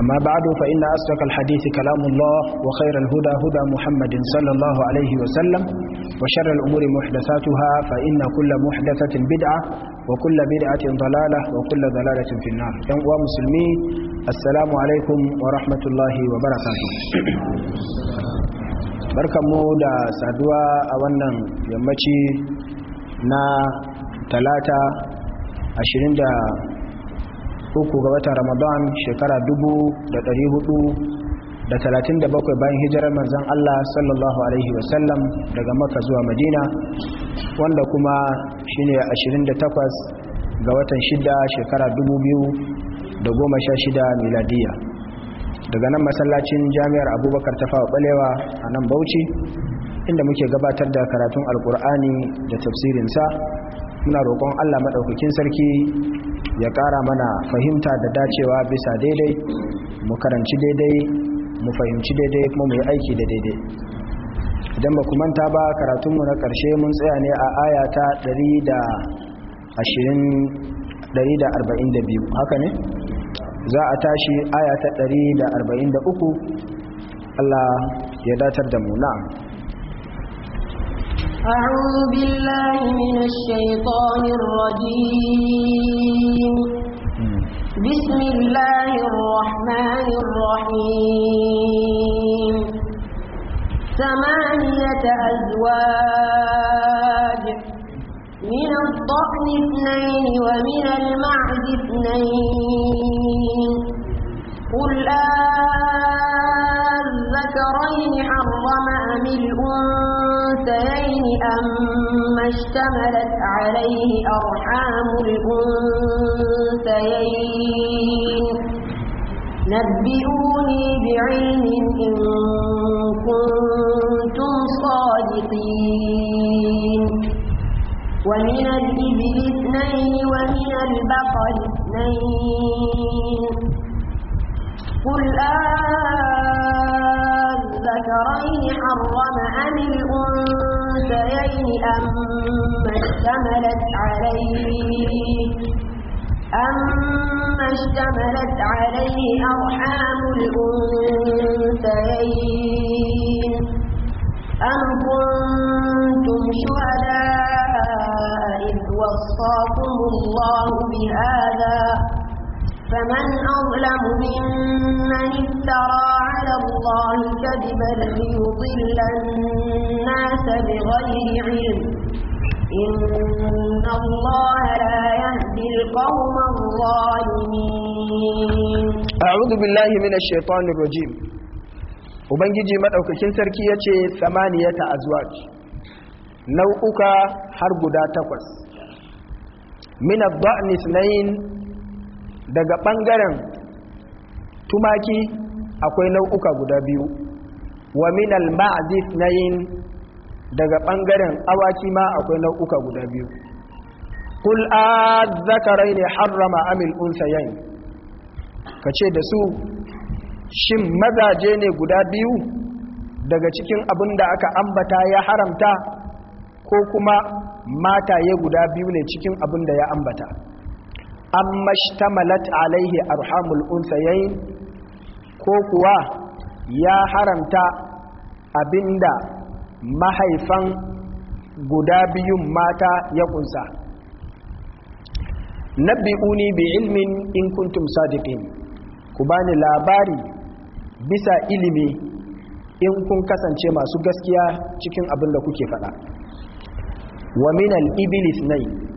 amma ba adu fa ina asakal hadithi kalamullah wa khairar huda huda muhammadin sallallahu alaihi wasallam wa sharar umuri muhdasatu ha fa ina kulla muhdasatin bid'a wa kulla bid'atin dalala wa kulla dalalatin finna yan uwa musulmi assalamu alaikum wa rahmatullahi wa barakatu barkan mu da saduwa a wannan yammaci na talata uku ga watan ramadan shekara dubu da ɗari hudu da talatin da bakwai bayan hijirar manzan Allah sallallahu Alaihi wasallam daga maka zuwa madina wanda kuma shi shine 28 ga watan shida shekara dubu biyu da goma sha shida miladiya daga nan masallacin jami'ar abubakar ta fawa balewa a nan bauchi inda muke gabatar da karatun alkur'ani da tafsirinsa muna roƙon Allah maɗaukakin sarki ya ƙara mana fahimta da dacewa bisa daidai mu karanci daidai mu fahimci daidai kuma mu yi aiki da daidai idan ba manta ba karatunmu na ƙarshe mun tsaya ne a aya ta 142 haka ne za a tashi aya ta 143 Allah ya datar da mu na'am أعوذ بالله من الشيطان الرجيم بسم الله الرحمن الرحيم ثمانية أزواج من الضأن اثنين ومن المعز اثنين قل أذكرين حرم أم الأنثى الأنثيين أما اشتملت عليه أرحام الأنثيين نبئوني بعلم إن كنتم صادقين ومن الإبل اثنين ومن البقر اثنين قل آه الذكرين حرم أم الأنثيين أما اشتملت عليه أما اشتملت عليه أرحام الأنثيين أم كنتم شهداء إذ وصاكم الله بهذا فمن أظلم ممن افترى على الله كذبا ليضل الناس بغير علم إن الله لا يهدي القوم الظالمين أعوذ بالله من الشيطان الرجيم Ubangiji maɗaukakin sarki ya ce, "Samaniyata azwaj nau'uka har guda takwas, min abba'nis nayin daga ɓangaren tumaki akwai nau'uka guda biyu wa minal ma'azif na yin daga ɓangaren awaki ma akwai nau'uka guda biyu kul a zakarai ne harrama amil unsayayin ka ce da su shin mazaje ne guda biyu daga cikin abin da aka ambata ya haramta ko kuma mataye guda biyu ne cikin abin da ya ambata amma shtamalat alaihi arhamul unsayayin ko kuwa ya haramta abinda mahaifan guda biyun mata ya kunsa nabbi'uni bi ilmin in kuntum sadiqin ku bani labari bisa ilimi in kun kasance masu gaskiya cikin abin da kuke faɗa wa minal iblis nai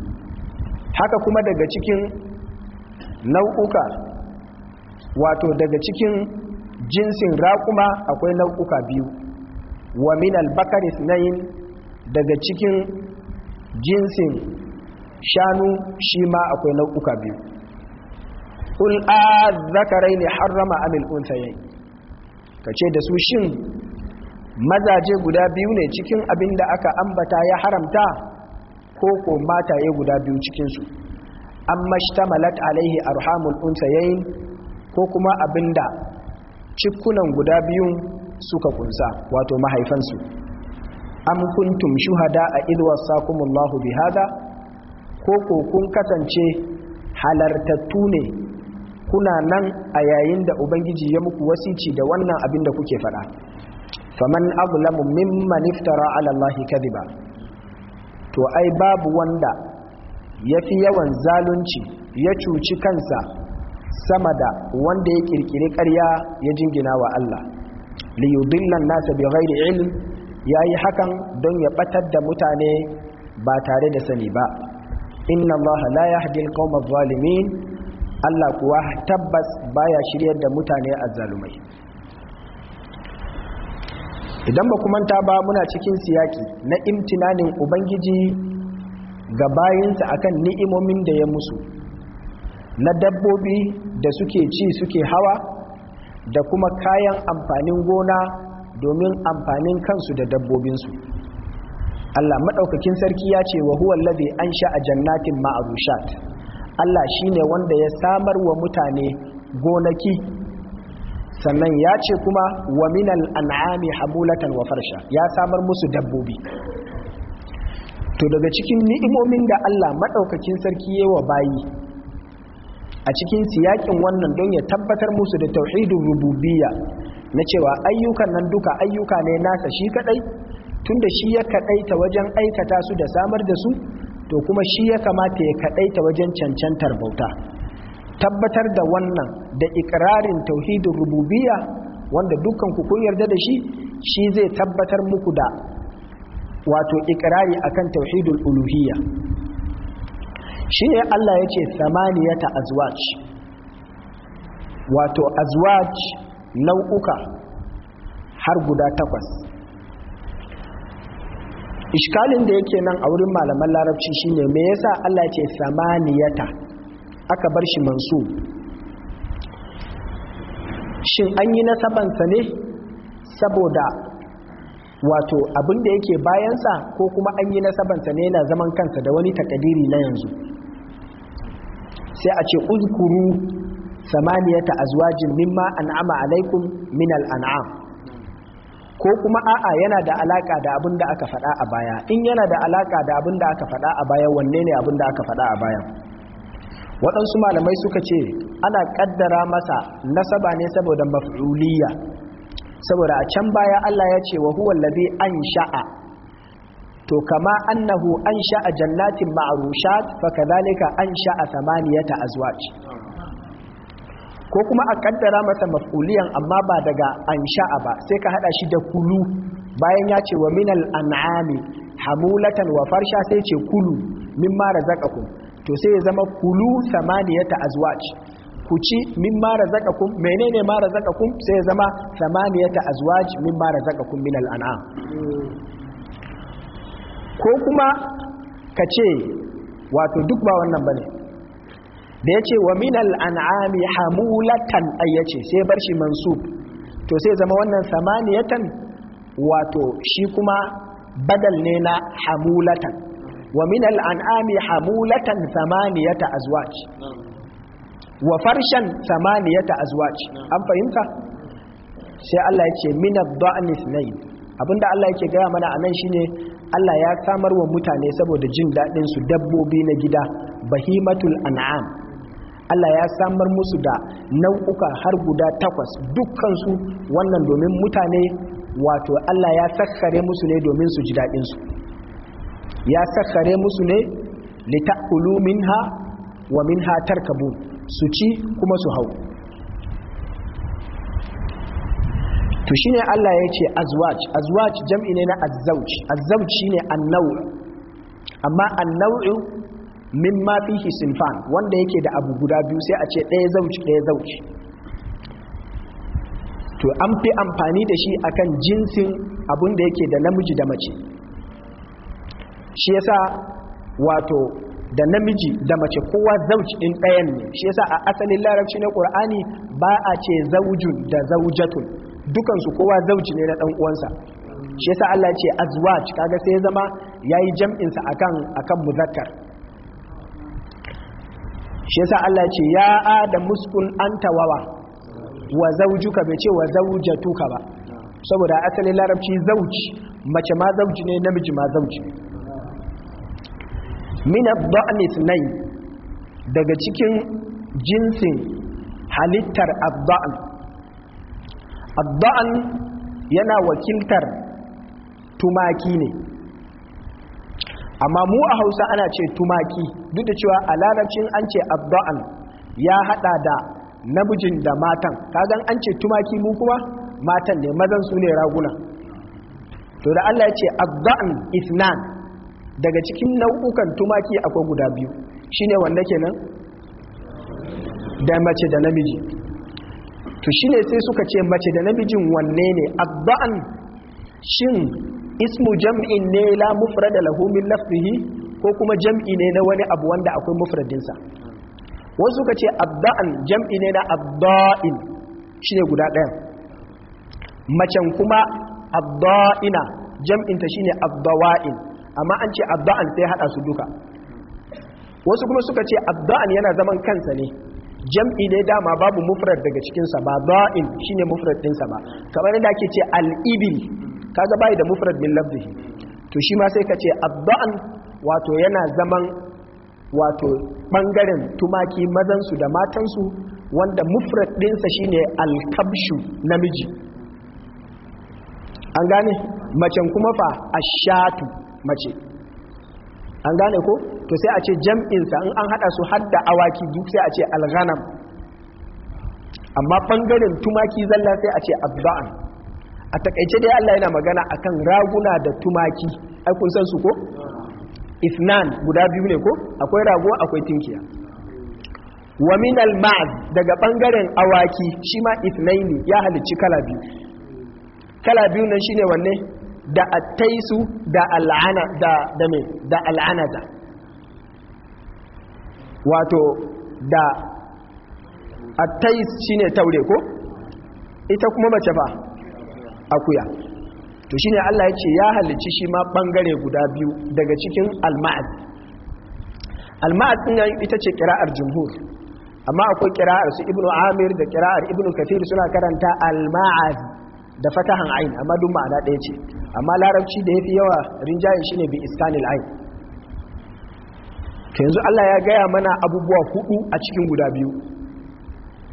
haka kuma daga cikin nau'uka wato daga cikin jinsin raƙuma akwai nau'uka biyu wa min albakar isnayin daga cikin jinsin shanu shi ma akwai nau'uka biyu ƙul a zakarai ne harrama amil unsayayi ka ce da su shin mazaje guda biyu ne cikin abin da aka ambata ya haramta ko ko ya guda biyu cikinsu an mashtamalat alaihi arhamul unsayayin ko kuma abinda cikunan guda biyun suka kunsa wato mahaifansu An kuntum shuhada a idwasakumullahu bihada ko ko kun kasance halartattu ne kuna nan a yayin da ubangiji ya muku wasici da wannan abin da kuke faɗa faman lamun mimman maniftara, ala allahi kadiba to ai babu wanda ya fi yawan zalunci ya cuci kansa sama da wanda ya kirkiri ƙarya ya jingina wa Allah liyudillan nasa bi ghairi ilm yayi hakan don ya batar da mutane ba tare da sani ba inna Allah la yahdi al-qawma adh-dhalimin Allah kuwa tabbas baya shiryar da mutane azzalumai idan ba ta ba muna cikin siyaki na imtinanin ubangiji ga bayinsa akan ni'imomin da ya musu na dabbobi da suke ci suke hawa da kuma kayan amfanin gona domin amfanin kansu da dabbobinsu Allah maɗaukakin sarki ya ce wa huwa lazi an sha a jannatin ma'arushat Allah shine wanda ya samar wa mutane gonaki sannan ya ce kuma wa minal an'ami hamulatan wa farsha ya samar musu dabbobi to daga cikin ni'imomin da Allah madaukakin sarki yayi wa bayi a cikin siyakin wannan don ya tabbatar musu da tauhidin rububiyya na cewa ayyukan nan duka ayyuka ne nasa shi kadai tunda shi ya ta wajen aikata su da samar da su to kuma shi ya kamata ya ta wajen cancantar bauta tabbatar da wannan da ikirarin tauhidin rububiyya wanda dukkan ku kun yarda da shi shi zai tabbatar muku da wato ikirari akan tauhidul uluhiyya shi ne Allah yace, samaniyata azwaj wato azwaj nau'uka har guda takwas ishkalin da yake nan a wurin malaman larabci shine me yasa Allah ya ce samaniyata aka bar shi mansu shin an yi nasabansa ne saboda wato abin da yake bayansa ko kuma an yi nasabansa ne yana zaman kansa da wani takadiri na yanzu sai a ce uzkuru samaniyata azwajin mimma an'ama alaikum min al'an'am ko kuma a'a yana da alaka da abin da aka faɗa a baya in yana da alaka da abin da aka faɗa a baya wanne ne abin da aka faɗa a baya waɗansu malamai suka ce ana ƙaddara masa nasaba ne saboda maf'uliya saboda a can baya Allah ya ce wa huwa an ansha'a to kama annahu ansha'a jannatin ma'rushat fakadhalika ansha'a samaniyata azwaj ko kuma a ƙaddara masa maf'uliyan amma ba daga ansha'a ba sai ka haɗa shi da kulu bayan ya ce wa minal an'ami hamulatan wa farsha sai ce kulu min mimma razaqakum to sai ya zama kulu samaniyata azwaj ku ci min ma razaqakum menene ma razaqakum sai ya zama samaniyata azwaj min ma razaqakum min al'an'am ko kuma ka ce wato duk ba wannan bane da yace wa min al'an'ami hamulatan ayyace sai bar shi mansub to sai zama wannan samaniyatan wato shi kuma badal ne na hamulatan wa min al'an'ami hamulatan ta azwaj wa farshen ta azwaj an fahimta sai Allah ya ce min ad-da'ni thnayn abinda Allah yake gaya mana anan shine Allah ya samar wa mutane saboda jin daɗin su dabbobi na gida bahimatul an'am Allah ya samar musu da nau'uka har guda takwas dukkansu wannan domin mutane wato Allah ya sakkare musu ne domin su ji daɗinsu ya sassare musu ne min minha wa minha tarkabu su ci kuma su hau to shine Allah ya ce azwaj azwaj jam'i ne na azzauj azzauj shine annaw' amma min mimma fihi sinfan wanda yake da abu guda biyu sai a ce ɗaya zauj ɗaya zauj to an fi amfani da shi akan jinsin abin da yake da namiji da mace shi yasa wato da namiji da mace kowa zauji in ɗayan ne shi yasa a asalin larabci na ƙur'ani ba a ce zaujun da zaujatun dukansu kowa zauci ne na ɗan uwansa shi yasa Allah ya ce azwaj kaga sai zama yayi jam'in sa akan akan muzakkar shi yasa Allah ya ce ya adam muskun anta wawa wa zaujuka bai ce wa zawjatuka ba saboda asalin larabci zauci mace ma zauji ne namiji ma zauji min ad-da'ni daga cikin jinsin halittar ad-da'n yana wakiltar tumaki ne amma mu a Hausa ana ce tumaki duk da cewa a larabcin an ce ad ya hada da namijin da matan kagan an ce tumaki mu kuma matan ne mazan su ne raguna to da Allah ya ce abda'an isnan daga cikin nau'ukan tumaki akwai guda biyu shine wanda kenan da mace da namiji to shine sai suka ce mace da namijin wanne ne abba'an shin ismu jam'in ne la mufrada lahu min lafzihi ko kuma jam'i ne na wani abu wanda akwai mufradinsa wasu suka ce abba'an jam'i ne na abba'in shine guda ɗaya macen kuma abba'ina jam'inta shine abbawa'in amma an ce abba'an sai hada su duka wasu kuma suka ce abba'an yana zaman kansa ne jam'i ne dama babu mufrad daga cikinsa ba bain shine mufrad ɗinsa ba kamar yadda ake ce al-ibil kaga bai da mufrad min lafzihi to shi ma sai ka ce wato yana zaman wato bangaren tumaki mazan su da matan su wanda mufrad ɗinsa shine al-kabshu namiji an gane macen kuma fa ashatu mace an gane ko to sai a ce jam'insa in an hada su hadda awaki duk sai a ce alghanam amma bangaren tumaki zalla sai a ce abda'an a takaice dai Allah yana magana akan raguna da tumaki ai kun san su ko isnan guda biyu ne ko akwai rago akwai tinkiya wa min al daga bangaren awaki shi ma ithnaini ya halicci kala biyu kala biyu nan shine wanne da attaisu da al'ana da da me da da wato da attais shine taure ko ita kuma mace fa akuya to shine Allah ya ya halicci shi ma bangare guda biyu daga cikin al-ma'ad al-ma'ad din ita ce kiraar jumhur amma akwai qira'ar su ibnu amir da qira'ar ibnu kathir suna karanta al-ma'ad da fatahan ain amma duk ma'ana ɗaya ce amma larabci da ya fi yawa rinjaye shine bi iskanil ayin ka yanzu Allah ya gaya mana abubuwa hudu a cikin guda biyu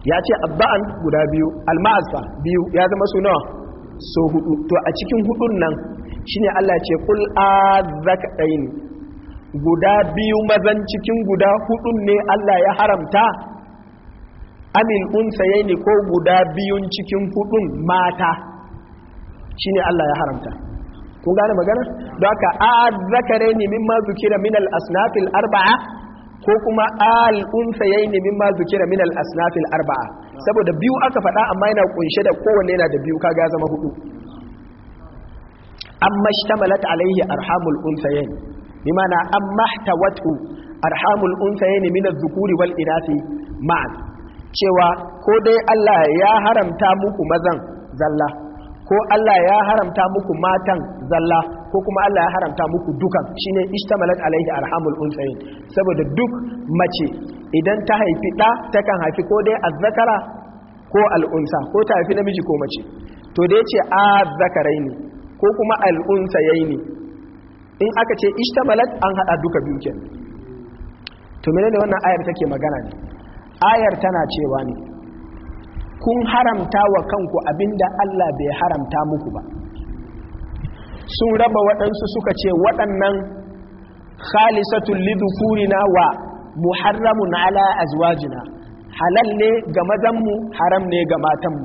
ya ce abba'an guda biyu alma'asa biyu ya zama su nawa so hudu to a cikin hudun nan shine Allah ce kul ɗayin guda biyu mazan cikin guda hudun ne Allah ya haramta Amin amil unsayaini ko guda biyun cikin hudun mata shine Allah ya haramta kun gane magana don haka a zakare min ma zukira min al asnafil arba'a ko kuma al unsayaini mimma zukira min al asnafil arba'a saboda biyu aka faɗa amma yana kunshe da kowanne yana da biyu kaga zama hudu amma shtamalat alaihi arhamul unsayaini bimana amma tawatu arhamul unsayaini min az-zukuri wal inasi ma'an cewa ko dai Allah ya haramta muku mazan zalla ko Allah ya haramta muku matan zalla ko kuma Allah ya haramta muku dukan shine ishtamalat alaihi arhamul unsayin saboda duk mace idan ta haifi ɗa takan haifi ko dai azzakara ko al'unsa ko ta haifi namiji ko mace to da yace azzakaraini ko kuma al'unsayaini in aka ce ishtamalat an haɗa duka biyu kenan to menene wannan ayar take magana ne ayar tana cewa ne kun haramta wa kanku abinda Allah bai haramta muku ba sun raba waɗansu suka ce waɗannan khalisatul lidukurina wa muharramun ala azwajina halal ne ga mazanmu haram ne ga matanmu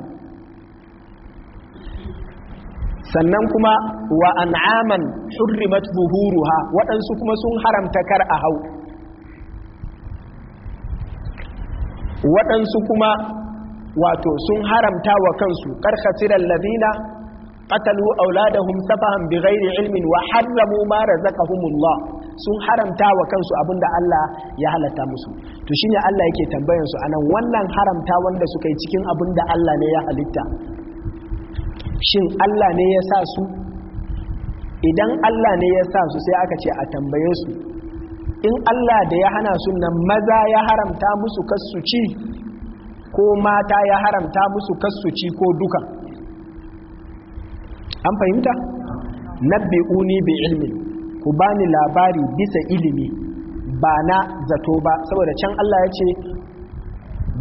sannan kuma wa an'aman hurrimat buhuruha waɗansu kuma sun haramta kar a hau waɗansu kuma wato sun haramta wa kansu karkasiran ladina qatalu auladahum safahan bighairi ilmin wa harramu ma razaqahumullah sun haramta wa kansu abinda Allah ya halatta musu to shine Allah yake tambayan su anan wannan haramta wanda suka yi cikin abinda Allah ne ya halitta shin Allah ne ya sa su idan Allah ne ya sa su sai aka ce a tambaye su in Allah da ya hana su nan maza ya haramta musu kasu ci ko mata ya haramta musu kassuci ko duka an fahimta nabbi uni bi ilmin ku bani labari bisa ilimi ba na zato ba saboda can Allah ya ce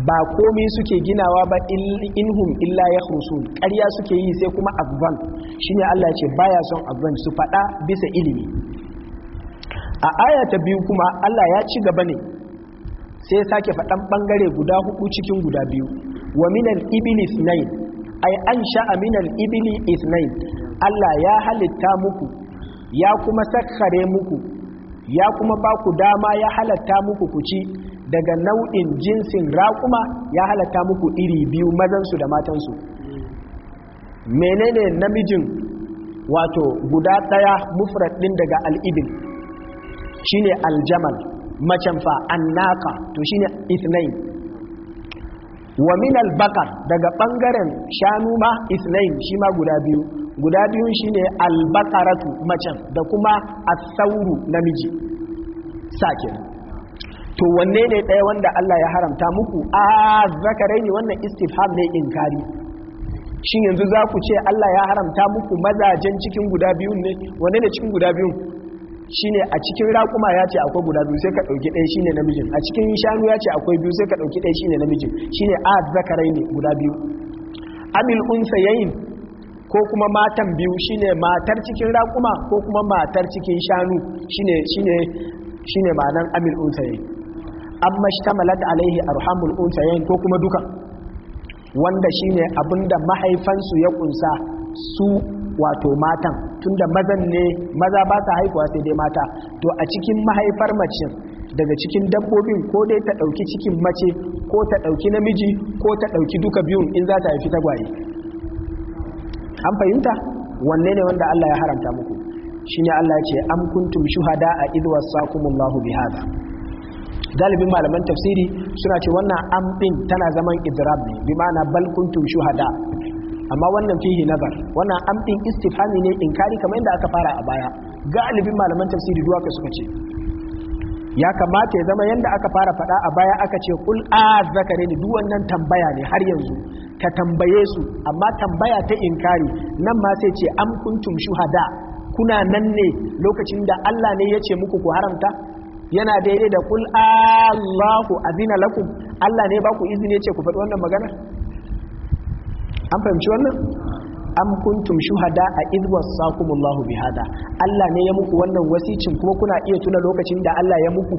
ba komi suke ginawa ba inhum illa ya husun ƙarya suke yi sai kuma advan shine Allah ya ce baya son advan su faɗa bisa ilimi a aya ta biyu kuma Allah ya ci gaba ne sai sake faɗan ɓangare guda hudu cikin guda biyu wa minal iblis snail ai an sha'a minan Ibilis snail Allah ya halitta muku ya kuma sakkare muku ya kuma ba ku dama ya halatta muku ku ci daga nau'in jinsin raƙuma ya halatta muku iri biyu mazansu da matansu menene namijin wato guda ɗaya mufrad ɗin daga al'ibil shine aljamal macen fa annaka to shine ithnain wa min albaqar daga bangaren shanu ma ithnain shi ma guda biyu guda biyun shine albaqaratu macen da kuma as-sauru namiji sake to wanne ne ɗaya wanda Allah ya haramta muku a zakarai ne wannan istifham ne inkari shin yanzu za ku ce Allah ya haramta muku mazajen cikin guda biyun ne wanne ne cikin guda biyun shine a cikin raƙuma ya ce akwai guda biyu sai ka ɗauki ɗaya shine namijin a cikin shanu ya ce akwai biyu sai ka ɗauki ɗaya shine namijin shine a zakarai ne guda biyu amil yayin ko kuma matan biyu shine matar cikin raƙuma ko kuma matar cikin shanu shine shine shine ma'anar amil unsayayin amma shtamalat alaihi arhamul yayin ko kuma duka wanda shine abinda mahaifansu ya kunsa su wato matan tunda mazan ne maza ba sa haihuwa sai dai mata to a cikin mahaifar macin daga cikin dabbobin ko dai ta ɗauki cikin mace ko ta ɗauki namiji ko ta ɗauki duka biyun in za ta haifi tagwaye an fahimta wanne ne wanda Allah ya haramta muku shine Allah ya ce am kuntum shuhada a idh wasakumullahu bihadha galibin malaman tafsiri suna ce wannan am din tana zaman idrab ne bi ma'ana bal kuntum shuhada amma wannan fihi nazar wannan amdin istifhami ne inkari kamar yadda aka fara a baya galibin malaman tafsiri duwaka suka ce ya kamata ya zama yadda aka fara faɗa a baya aka ce kul azzakare ni duk wannan tambaya ne har yanzu ka tambaye su amma tambaya ta inkari nan ma sai ce am kuntum shuhada kuna nan ne lokacin da Allah ne ya ce muku ku haramta yana daidai da kul Allahu azina lakum Allah ne ba ku izini ya ce ku faɗi wannan magana an fahimci wannan an kuntum shuhada a idh wasakumullahu bihada Allah ne ya muku wannan wasicin kuma kuna iya tuna lokacin da Allah ya muku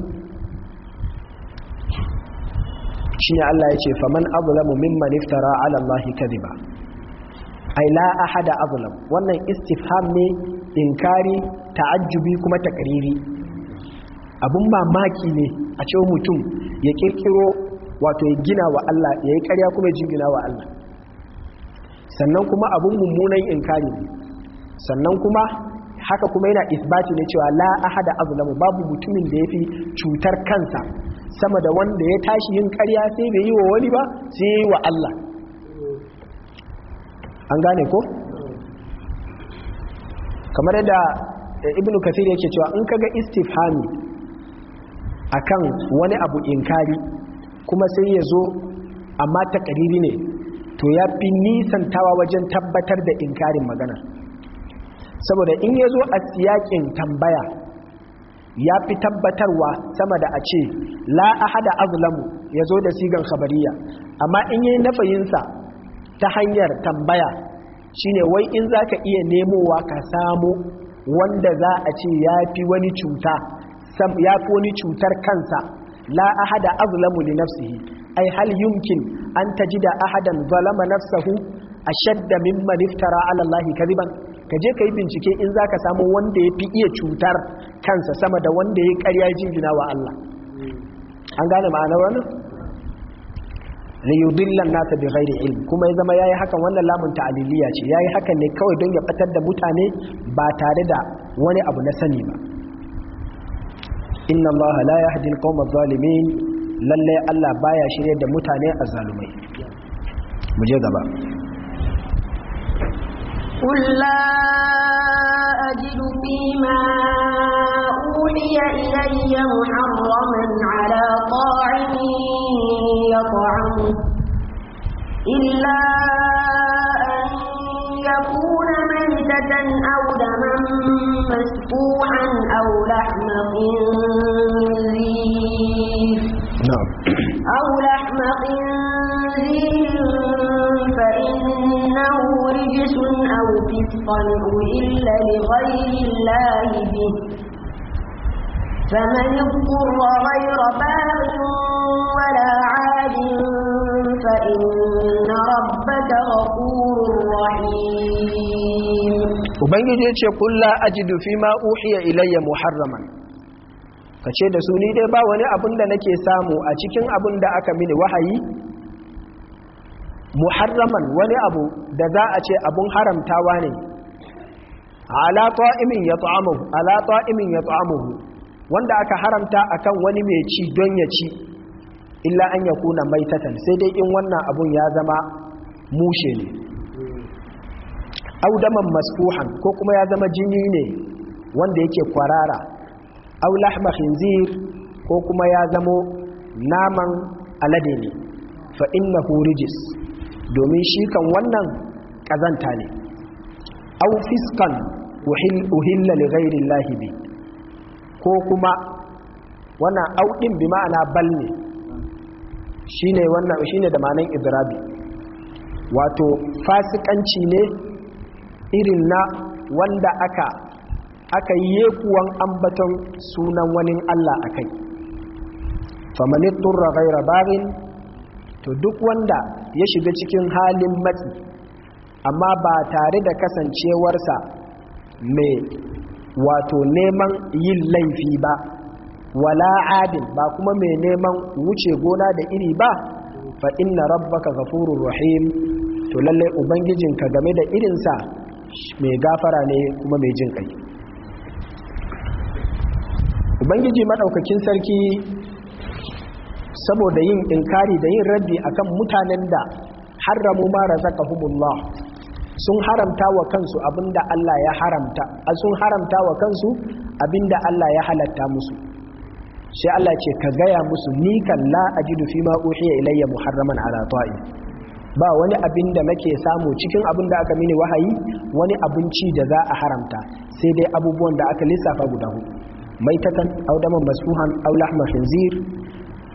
shine Allah ya ce faman azlamu mimman iftara ala Allahi kadhiba ai la ahada azlam wannan istifham ne inkari ta'ajjubi kuma takriri abun mamaki ne a ce mutum ya kirkiro wato ya gina wa Allah ya yi ƙarya kuma ya jingina wa Allah sannan kuma abun mummunan inkari sannan kuma haka kuma yana isbati ne cewa la ahada azlamu babu mutumin da yafi cutar kansa sama da wanda ya tashi yin ƙarya sai bai yi wa wani ba sai yi wa Allah an gane ko kamar yadda eh, ibnu kasir yake cewa in kaga istifhami akan wani abu inkari kuma sai ya zo amma takariri ne to ya fi nisantawa wajen tabbatar da inkarin maganar saboda in ya zo a siyakin tambaya ya fi tabbatarwa sama da a ce la ahada azlamu ya zo da sigan khabariya amma in yi nafayinsa ta hanyar tambaya shine wai in za ka iya nemowa ka samu wanda za a ce ya fi wani cuta wani cutar kansa la'a ahada azulamu li nafsihi ai hal yumkin an tajida ahadan zalama nafsahu ashadda mimman iftara ala Allah kadiban ka je kai bincike in zaka samu wanda ya fi iya cutar kansa sama da wanda ya karya jingina wa Allah an gane ma'anar wannan liyudillan nasa bi ghairi ilm kuma ya zama yayi hakan wannan lamun ta'aliliya ce yayi hakan ne kawai don ya fitar da mutane ba tare da wani abu na sani ba inna allaha la yahdi al-qawma adh-dhalimin lallai Allah baya shirye da mutane a zalumai mu je gaba قل لا أجد فيما أولي إلي محرما على طاعم يطعمه إلا أن يكون أو دما مسفوحا أو لحم من نعم أو لحم خنزير فإنه رجس أو فسقا أهل لغير الله به فمن اضطر غير باغ ولا عاد فإن ربك غفور رحيم وبنجي يقول لا أجد فيما أوحي إلي محرما ka ce da su ni dai ba wani abin da nake samu a cikin abin da aka mini wahayi muharraman wani abu da za a ce abun haramtawa ne ala ta'imin ya ta'amuhu ala ta'imin ya ta'amuhu wanda aka haramta akan wani mai ci don ya ci illa an yakuna maitatan sai dai in wannan abun ya zama mushe ne audaman masfuhan ko kuma ya zama jini ne wanda yake kwarara aw lahma khinzir ko kuma ya zamo naman alade ne fa innahu rijis domin shi kan wannan kazanta ne aw fiskan uhilla li ghairi llahi bi ko kuma wannan aw din bi ma'ana bal ne shine wannan shine da ma'anar idrabi wato fasikanci ne irin na wanda aka aka yi yekuwan ambaton sunan wani Allah a kai famanit turra gaira barin to duk wanda ya shiga cikin halin matsi amma ba tare da kasancewarsa mai wato neman yin laifi ba wala adin ba kuma mai neman wuce gona da iri ba fa inna rabbaka gafurur rahim to lalle ubangijinka game da irinsa mai gafara ne kuma mai jin ƙai. ubangiji maɗaukakin sarki saboda yin inkari da yin raddi akan mutanen da haramu ma razaqahumullah sun haramta wa kansu abinda Allah ya haramta sun haramta wa kansu abinda Allah ya halatta musu sai Allah ce ka gaya musu ni kan la ajidu fi ma uhiya ilayya muharraman ala ta'i ba wani abin da nake samu cikin abin da aka mini wahayi wani abinci da za a haramta sai dai abubuwan da aka lissafa guda hudu maitatan aw daman masfuhan aw lahma khinzir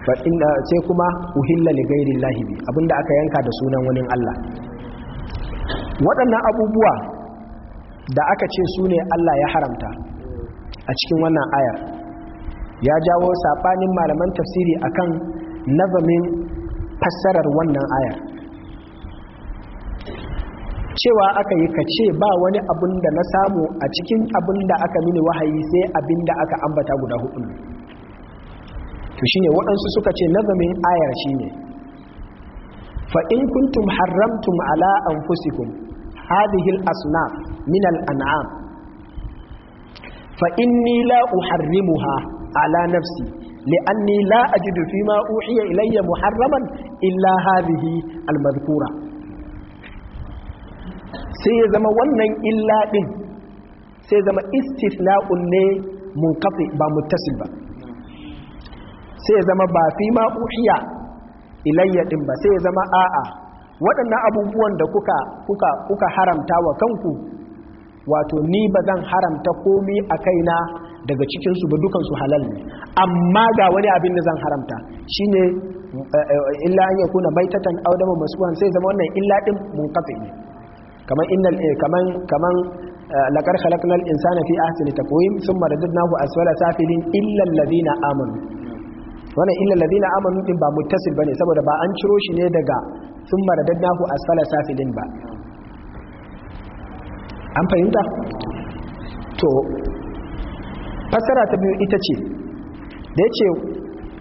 fa inna sai kuma uhilla li ghairi llahi bi abinda aka yanka da sunan wani Allah waɗannan abubuwa da aka ce su ne Allah ya haramta a cikin wannan ayar ya jawo saɓanin malaman tafsiri akan nazamin fassarar wannan ayar cewa aka yi ka ce ba wani abin da na samu a cikin abin da aka mini wahayi sai abin da aka ambata guda hudu to shine waɗansu suka ce nazamin ayar shine fa in kuntum haramtum ala anfusikum hadhihi al-asnaf min al-an'am fa inni la uharrimuha ala nafsi li'anni la ajidu ma uhiya ilayya muharraman illa hadhihi al-madhkura sai ya zama wannan illa sai zama istisna'un ne kafe ba muttasil ba sai ya zama ba fi ma ilayya ɗin ba sai ya zama a'a waɗannan abubuwan da kuka kuka haramta wa kanku wato ni ba zan haramta komi a kaina daga cikinsu ba dukansu halal ne amma ga wani abin da zan haramta shine eh, eh, illa an mai baitatan audama masu wani sai zama wannan illa mun kafe. ne kaman innal kaman kaman laqad khalaqnal insana fi ahsani taqwim thumma radadnahu asfala safilin illa alladhina amanu wannan illa alladhina amanu din ba muttasil bane saboda ba an ciro shi ne daga thumma radadnahu asfala safilin ba an fahimta to fasara ta biyu ita ce da yace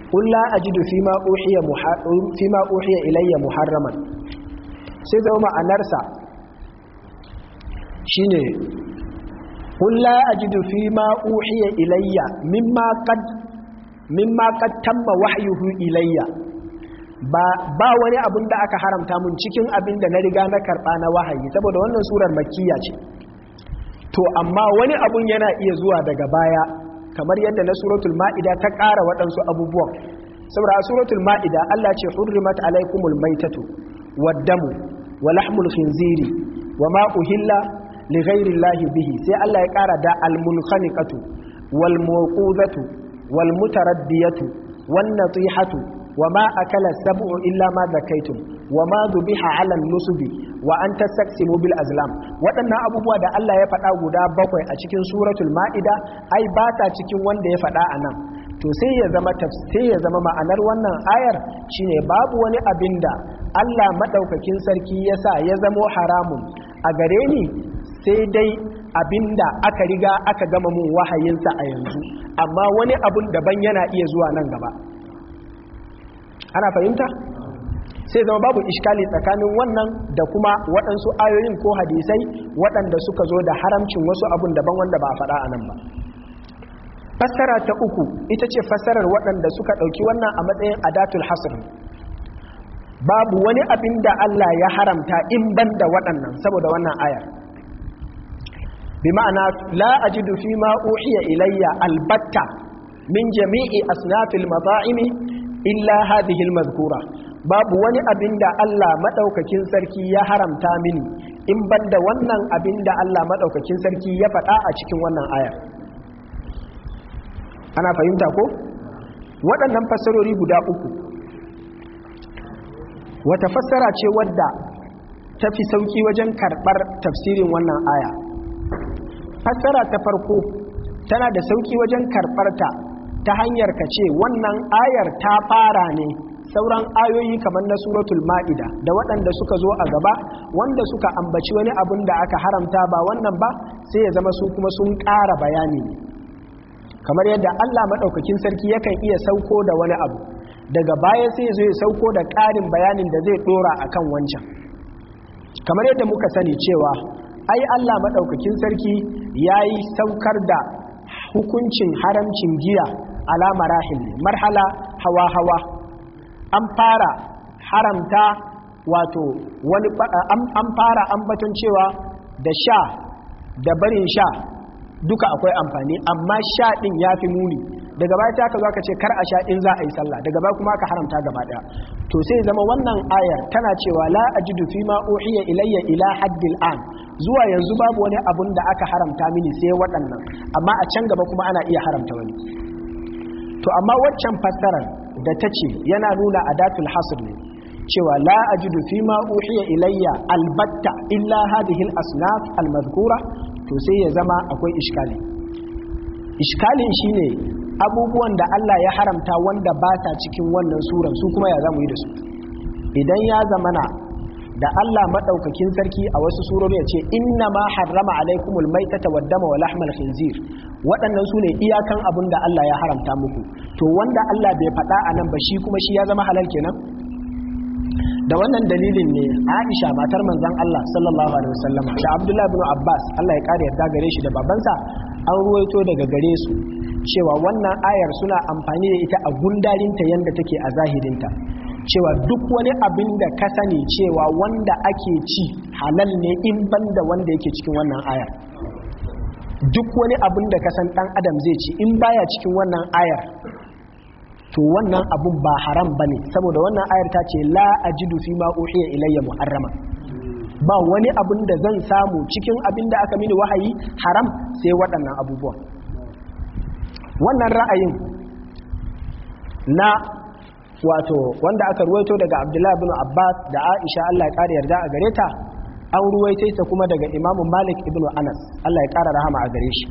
qul la ajidu fima uhiya muharram fima uhiya ilayya muharraman sai zama anarsa shine qul a ajidu fi ma ilayya mimma qad mimma qad wahyuhu ilayya ba wani abin da aka haramta mun cikin abin da na riga na karɓa na wahayi saboda wannan surar makkiya ce to amma wani abun yana iya zuwa daga baya kamar yadda na suratul ma'ida ta ƙara waɗansu abubuwan saboda a suratul ma'ida Allah ce hurrimat alaikumul maitatu waddamu wa lahmul khinziri wa ma li lahi bihi sai Allah ya kara da al munkhaniqatu wal mawqudatu wal mutaraddiyatu wan natihatu wama akala sab'u illa ma zakaitum wama dhubiha 'ala nusubi wa an tasaksimu bil azlam waɗannan abubuwa da Allah ya faɗa guda bakwai a cikin suratul ma'ida ai ba ta cikin wanda ya faɗa anan to sai ya zama ya zama ma'anar wannan ayar shine babu wani abin da Allah madaukakin sarki ya sa ya zamo haramun a gare ni sai dai abinda aka riga aka gama mun wahayinsa a yanzu amma wani abun daban yana iya zuwa nan gaba ana fahimta sai zama babu iskali tsakanin wannan da kuma waɗansu ayoyin ko hadisai waɗanda suka zo da haramcin wasu abun daban wanda ba a faɗa a nan ba fassara ta uku ita ce fassarar waɗanda suka ɗauki wannan a matsayin adatul hasr babu wani abin da Allah ya haramta in ban da waɗannan saboda wannan ayar bi ma'ana la ajidu fi ma uhiya ilayya albatta min jami'i asnafil mata'imi illa hadhihi almadhkura babu wani abin da Allah madaukakin sarki ya haramta mini in banda wannan abin da Allah madaukakin sarki ya faɗa a cikin wannan aya ana fahimta ko waɗannan fassarori guda uku wata fassara ce wadda ta fi sauƙi wajen karɓar tafsirin wannan aya fassara ta farko tana da sauki wajen karɓarta ta hanyar ka ce wannan ayar ta fara ne sauran ayoyi kamar na suratul ma'ida da waɗanda suka zo a gaba wanda suka ambaci wani abun da aka haramta ba wannan ba sai ya zama su kuma sun ƙara bayani kamar yadda Allah maɗaukakin sarki yakan iya sauko da wani abu daga baya sai ya zo ya sauko da ƙarin bayanin da zai ɗora a kan wancan kamar yadda muka sani cewa ai Allah maɗaukakin sarki ya yi saukar da hukuncin haramcin giya ala marahil marhala hawa hawa an fara haramta wato wani an fara ambaton cewa da sha da barin sha duka akwai amfani amma sha ɗin ya fi muni daga baya ta zo ce kar a sha in za a yi sallah daga baya kuma aka haramta gaba daya to sai zama wannan ayar tana cewa la ajidu fi ma uhiya ilayya ila haddil an zuwa yanzu babu wani abun da aka haramta mini sai waɗannan amma a can gaba kuma ana iya haramta wani to amma waccan fassarar da ta ce yana nuna adatul hasr ne cewa la ajidu fi ma uhiya ilayya albatta illa hadhihi al-asnaf al-madhkura to sai ya zama akwai iskali iskalin shine abubuwan da Allah ya haramta wanda ba ta cikin wannan surar su kuma ya za mu yi da su idan ya zamana da Allah maɗaukakin sarki a wasu surori ya ce inna ma harrama alaikumul maitata wad dama wal lahmal khinzir waɗannan su ne iyakan abin da Allah ya haramta muku to wanda Allah bai faɗa a nan ba shi kuma shi ya zama halal kenan da wannan dalilin ne Aisha matar manzon Allah sallallahu alaihi wasallam da Abdullah ibn Abbas Allah ya kare yarda gare shi da babansa an ruwaito daga gare su cewa wannan ayar suna amfani da ita a gundarinta yadda take a zahirinta cewa duk wani abin da ka sani cewa wanda ake ci halal ne in ban da wanda yake cikin wannan ayar duk wani abin da ka san adam zai ci in baya cikin wannan ayar to wannan abun ba haram bane saboda wannan ayar ta ce la ajidu fi ma uhiya ilayya muharrama ba wani abin da zan samu cikin abin da aka mini wahayi haram sai waɗannan abubuwan wannan ra'ayin na wato wanda aka ruwaito daga abdullahi bin abbas da aisha allah ya ƙara yarda a gare ta an ruwaito ta kuma daga imamu malik ibn anas allah ya ƙara rahama a gare shi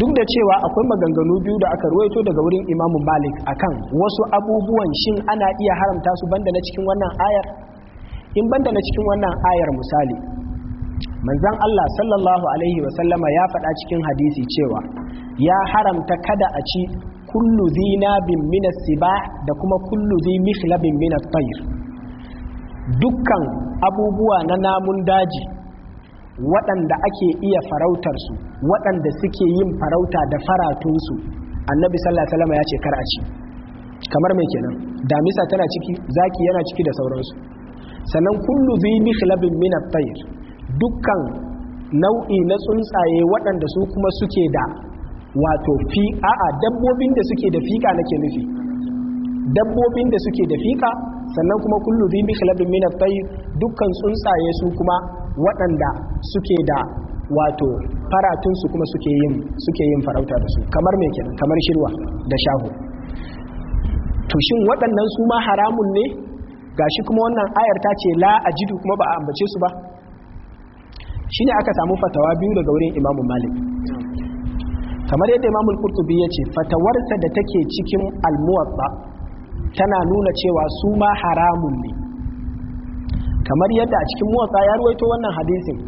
duk da cewa akwai maganganu biyu da aka ruwaito daga wurin imamu malik akan wasu abubuwan shin ana iya haramta su banda na cikin wannan ayar in banda na cikin wannan ayar misali manzon Allah sallallahu alaihi wa sallama ya faɗa cikin hadisi cewa ya haramta kada a ci kullu zinabin min as-siba da kuma kullu zi mihlabin min at dukkan abubuwa na namun daji waɗanda ake iya farautarsu waɗanda suke yin farauta da faratunsu annabi sallallahu alaihi wa ya ce kar a ci kamar mai kenan damisa tana ciki zaki yana ciki da sauransu sannan kullu zi mihlabin min at dukkan nau'i na tsuntsaye waɗanda su kuma suke da wato fi a'a dabbobin da suke da fika nake nufi dabbobin da suke da fika sannan kuma kullu bi mikhlabin min at dukkan tsuntsaye su kuma waɗanda suke da wato faratun su kuma suke yin suke yin farauta da su kamar me kenan kamar shirwa da shahu to shin waɗannan su ma haramun ne gashi kuma wannan ayar ta ce la ajidu kuma ba a ambace su ba shine aka samu fatawa biyu daga wurin imamu malik kamar yadda imamu qurtubi ya ce fatawarsa da take cikin almuwatsa tana nuna cewa su ma haramun ne kamar yadda a cikin muwatsa ya ruwaito wannan hadisin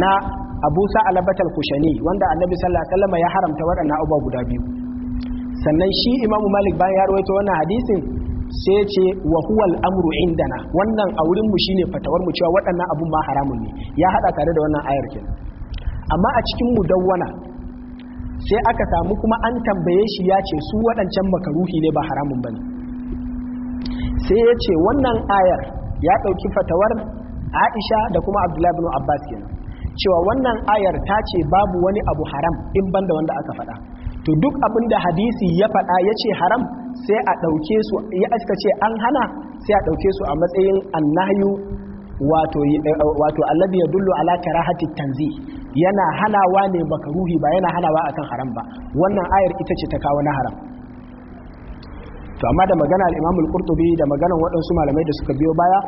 na abu sa'alabat kushani wanda annabi sallallahu alaihi wasallam ya haramta waɗannan abubuwa guda biyu sannan shi imamu malik bayan ya ruwaito wannan hadisin sai ce wa huwal amru indana wannan a wurin mu shine fatawar mu cewa waɗannan abun ma haramun ne ya hada tare da wannan ayar kenan amma a cikin mudawwana sai aka samu kuma an tambaye shi ya ce su waɗancan makaruhi ne ba haramun bane sai ya ce wannan ayar ya ɗauki fatawar Aisha da kuma Abdullahi bin Abbas kenan cewa wannan ayar ta ce babu wani abu haram in banda wanda aka faɗa to duk abin da hadisi ya faɗa yace haram sai a ɗauke su ya aska ce an hana sai a ɗauke su a matsayin annayu wato eh, allabi ya dullo ala karahati Tanzi, yana hanawa ne baka ruhi ba yana hanawa akan haram ba wannan ayar ita ce ta kawo na haram to amma da magana al-Imam al-Qurtubi da maganar waɗansu malamai da suka biyo baya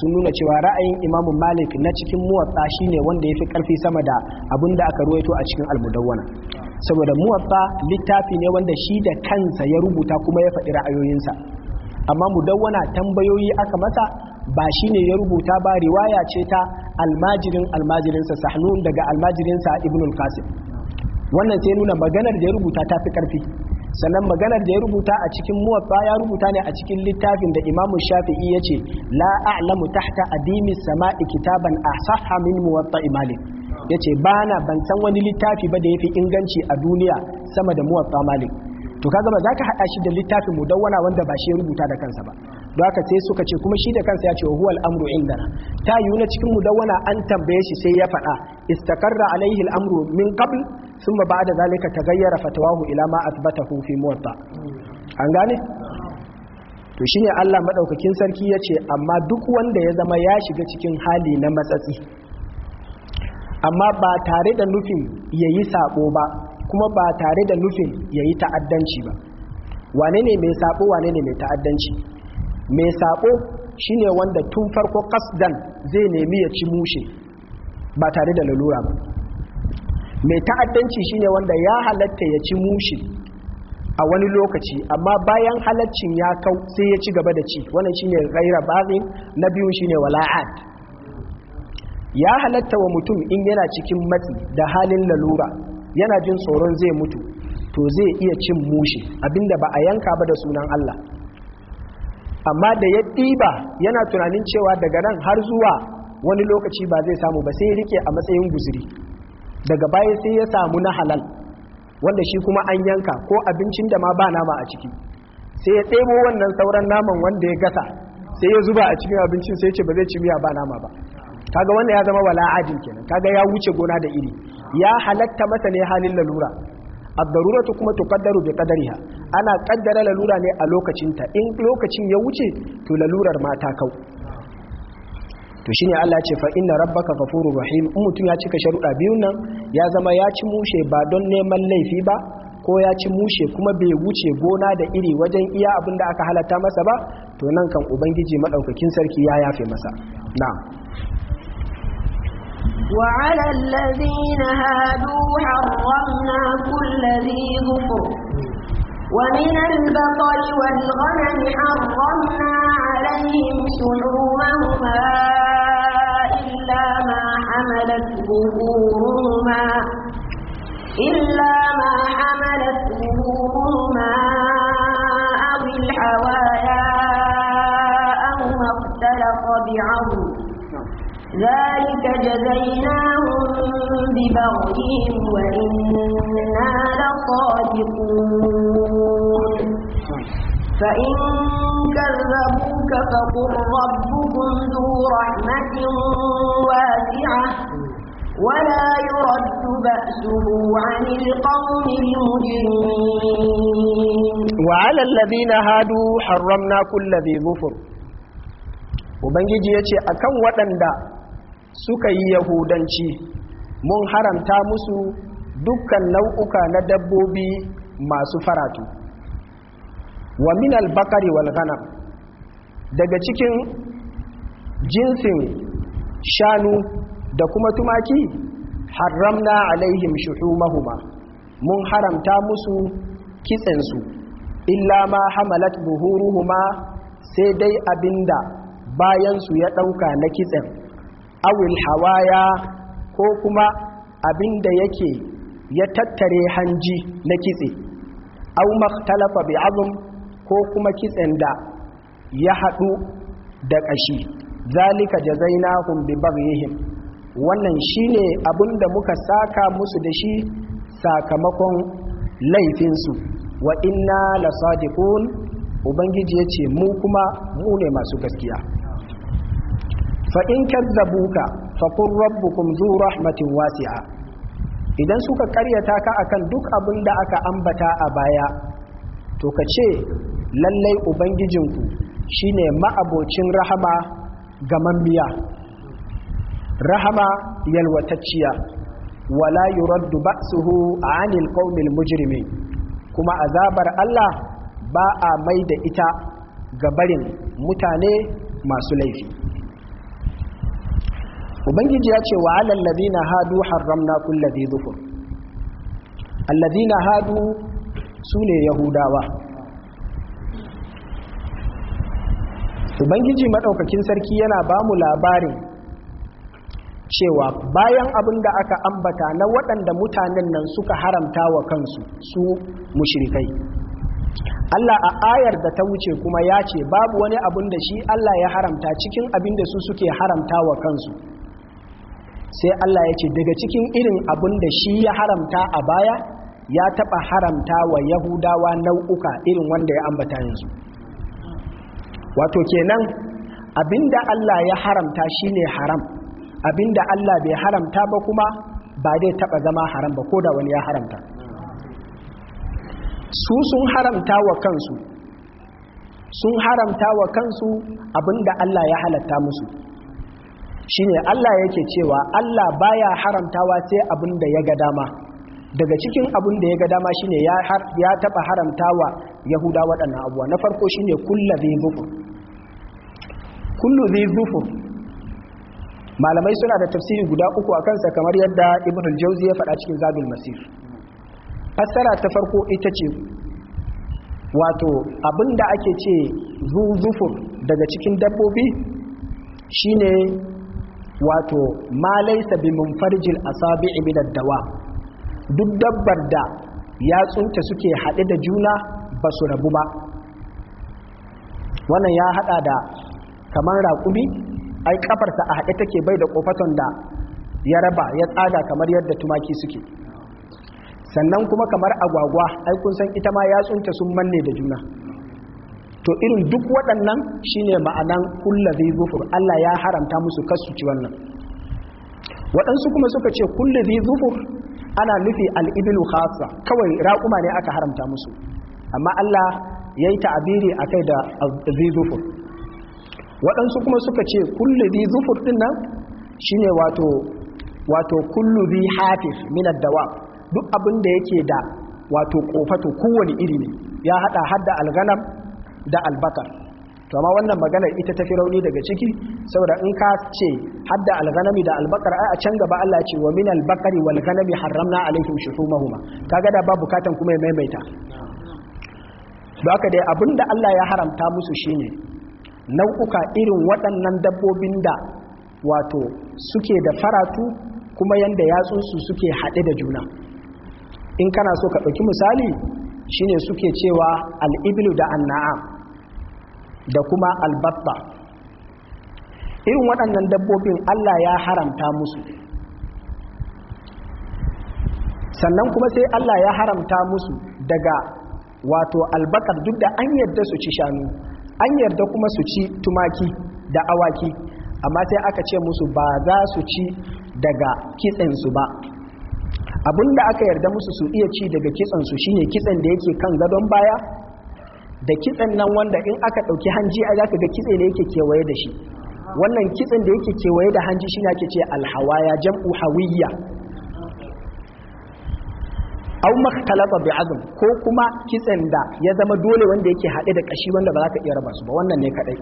sun nuna cewa ra'ayin Imam Malik na cikin muwatta shine wanda yafi karfi sama da abin da aka ruwaito a cikin al-Mudawwana saboda muwatta littafi ne wanda shi da kansa ya rubuta kuma ya faɗi ra'ayoyinsa amma mudawwana tambayoyi aka masa ba shine ya rubuta ba riwaya ce ta almajirin almajirinsa sahnun daga almajirinsa ibnul qasim wannan sai nuna maganar da ya rubuta ta fi karfi sannan maganar da ya rubuta a cikin muwatta ya rubuta ne a cikin littafin da imamu shafi'i ya ce la a'lamu tahta adimi sama'i kitaban asahha min muwatta malik ya ce ba na ban san wani littafi ba da ya fi inganci a duniya sama da muwatta malik to kaga ba za ka haɗa shi da littafin mudawwana wanda ba shi ya rubuta da kansa ba ka sai suka ce kuma shi da kansa ya ce wa huwal amru indana ta yi na cikin dawana an tambaye shi sai ya faɗa istakarra alaihi al'amru min qabl thumma ba'da zalika tagayyara fatawahu ila ma athbatahu fi muwatta an gane to shine Allah madaukakin sarki ya ce amma duk wanda ya zama ya shiga cikin hali na matsatsi amma ba tare da nufin yayi sabo ba kuma ba tare da nufin yayi ta'addanci ba wane ne mai sabo wane ne mai ta'addanci mai shi ne wanda tun farko kasdan zai nemi ya ci mushe ba tare da lalura ba mai ta'addanci shi ne wanda ya halatta ya ci mushe a wani lokaci amma bayan halaccin ya kau sai ya ci gaba da ci wannan ne raira baghin na biyu ne wala'ad ya halatta wa mutum in yana cikin matsi da halin lalura yana jin tsoron zai mutu to zai iya cin mushe abinda ba a yanka ba da sunan Allah amma da ya ɗiba yana tunanin cewa daga nan har zuwa wani lokaci ba zai samu ba sai ya rike a matsayin guziri daga baya sai ya samu na halal wanda shi kuma an yanka ko abincin da ma ba nama a ciki sai ya tsebo wannan sauran naman wanda ya gasa sai ya zuba a cikin abincin sai ce ba zai ci miya ba nama ba kaga wanda ya zama wala'adin kenan kaga ya wuce gona da iri ya halatta masa ne halin lalura ad kuma tuqaddaru bi qadariha ana kaddara lalura ne a lokacin ta in lokacin ya wuce to lalurar mata kau to shine Allah ya ce fa inna rabbaka ghafurur rahim in mutum ya cika sharuɗa biyun nan ya zama ya ci mushe ba don neman laifi ba ko ya ci mushe kuma bai wuce gona da iri wajen iya abin da aka halatta masa ba to nan kan ubangiji madaukakin sarki ya yafe masa na'am وعلى الذين هادوا حرمنا كل ذي ظفر ومن البقر والغنم حرمنا عليهم شعومهما إلا ما حملت ظهورهما إلا ما حملت ظهورهما أو الحوايا أو ما اختلق بعظم ذلك جزيناهم ببغيهم وإنا لصادقون فإن كذبوك فقل ربكم ذو رحمة واسعة ولا يرد بأسه عن القوم المجرمين وعلى الذين هادوا حرمنا كل ذي ظفر وبنجي يجي أكم وطن suka yi yahudanci mun haramta musu dukkan nau'uka na dabbobi masu faratu wa min albakari wal ghanam daga cikin jinsin shanu da kuma tumaki haramna alaihim shuhumahuma mun haramta musu su illa ma hamalat buhuruhuma sai dai abinda su ya ɗauka na kitsen awil hawaya ko kuma abin da yake ya tattare hanji na kitse aw makhtalafa bi azm ko kuma kitsen da ya hadu da kashi zalika jazainahum bi baghihim wannan shine abin da muka saka musu da shi sakamakon laifinsu wa inna lasadiqun ubangiji yace mu kuma mu ne masu gaskiya fa in kazzabuka fa qur rabbukum zu rahmatin wasi'a idan suka ƙaryata ka akan duk abin da aka ambata a baya to ka ce lallai ubangijinku shine ma'abocin rahama ga mamiya, rahama yalwatacciya wala yuraddu ba'suhu 'anil qaumil mujrimin kuma azabar Allah ba a mai da ita ga barin mutane masu laifi ubangiji ya ce wa alal ladina hadu harramna kulli dhi alladina hadu su sune yahudawa ubangiji madaukakin sarki yana ba mu labarin cewa bayan abin da aka ambata na waɗanda mutanen nan suka haramta wa kansu su mushrikai Allah a ayar da ta wuce kuma ya ce babu wani abin da shi Allah ya haramta cikin abin da su suke haramta wa kansu sai Allah ya ce daga cikin irin abin da shi ya haramta a baya ya taɓa haramta wa yahudawa nau'uka irin wanda ya ambata yanzu wato kenan abinda Allah ya haramta shine haram abinda Allah bai haramta ba kuma ba zai taba zama haram ba ko da wani ya haramta su sun haramta wa kansu sun haramta wa kansu abinda Allah ya halatta musu shine Allah yake cewa Allah baya haramtawa sai abin da ya ga dama daga cikin abin da ya ga dama shine ya ya taba haramtawa yahuda waɗannan abuwa na farko shine kullu zai kullu zai zufur malamai suna da tafsiri guda uku a kansa kamar yadda ibn al ya faɗa cikin zadul masir fassara ta farko ita ce wato abin abinda ake ce zuzufur daga cikin dabbobi shine wato ma laisa bi munfarijil asabi'i min dawa duk dabbar da yatsunta suke haɗe da juna ba su rabu ba wannan ya haɗa da kamar raƙumi ai kafarsa a haɗe take bai da kofaton da ya raba ya tsaga kamar yadda tumaki suke sannan kuma kamar agwagwa ai kun san ita ma yatsunta sun manne da juna to irin duk waɗannan shine ma'anan kulla zufur Allah ya haramta musu kasu ci wannan waɗansu kuma suka ce kulla zufur ana nufi al'ibilu khasa kawai raƙuma ne aka haramta musu amma Allah ya yi ta'abiri a kai da zufur waɗansu kuma suka ce kulla zufur ɗin nan shine wato wato kullu zai minar dawa duk abin da yake da wato ƙofato kowane iri ne ya haɗa hadda alganam da albakar to amma wannan maganar ita ta fi rauni daga ciki saboda in ka ce hadda alganami da albakar ai a can gaba Allah ce wa min albakari wal ganami harramna alaikum shuhumahuma kaga da babu katan kuma ya maimaita don haka dai abinda Allah ya haramta musu shine nau'uka irin waɗannan dabbobin da wato suke da faratu kuma yanda yatsunsu suke haɗe da juna in kana so ka ɗauki misali shine suke cewa al iblu da an-na'am da kuma albatta irin waɗannan dabbobin Allah ya haramta musu sannan kuma sai Allah ya haramta musu daga wato albakar duk da an yarda su ci shanu an yarda kuma su ci tumaki da awaki amma sai aka ce musu ba za su ci daga kitsensu ba abinda aka yarda musu su iya ci daga su shine kitsin da yake kan gadon baya da kitsen nan wanda in aka ɗauki hanji a zaka ga kitse ne yake kewaye da shi wannan kitsen da yake kewaye da hanji shi ne ake ce alhawaya jam'u hawiyya aw makhtalata bi azm ko kuma kitsen da ya zama dole wanda yake haɗe da kashi wanda ba za ka iya raba su ba wannan ne kadai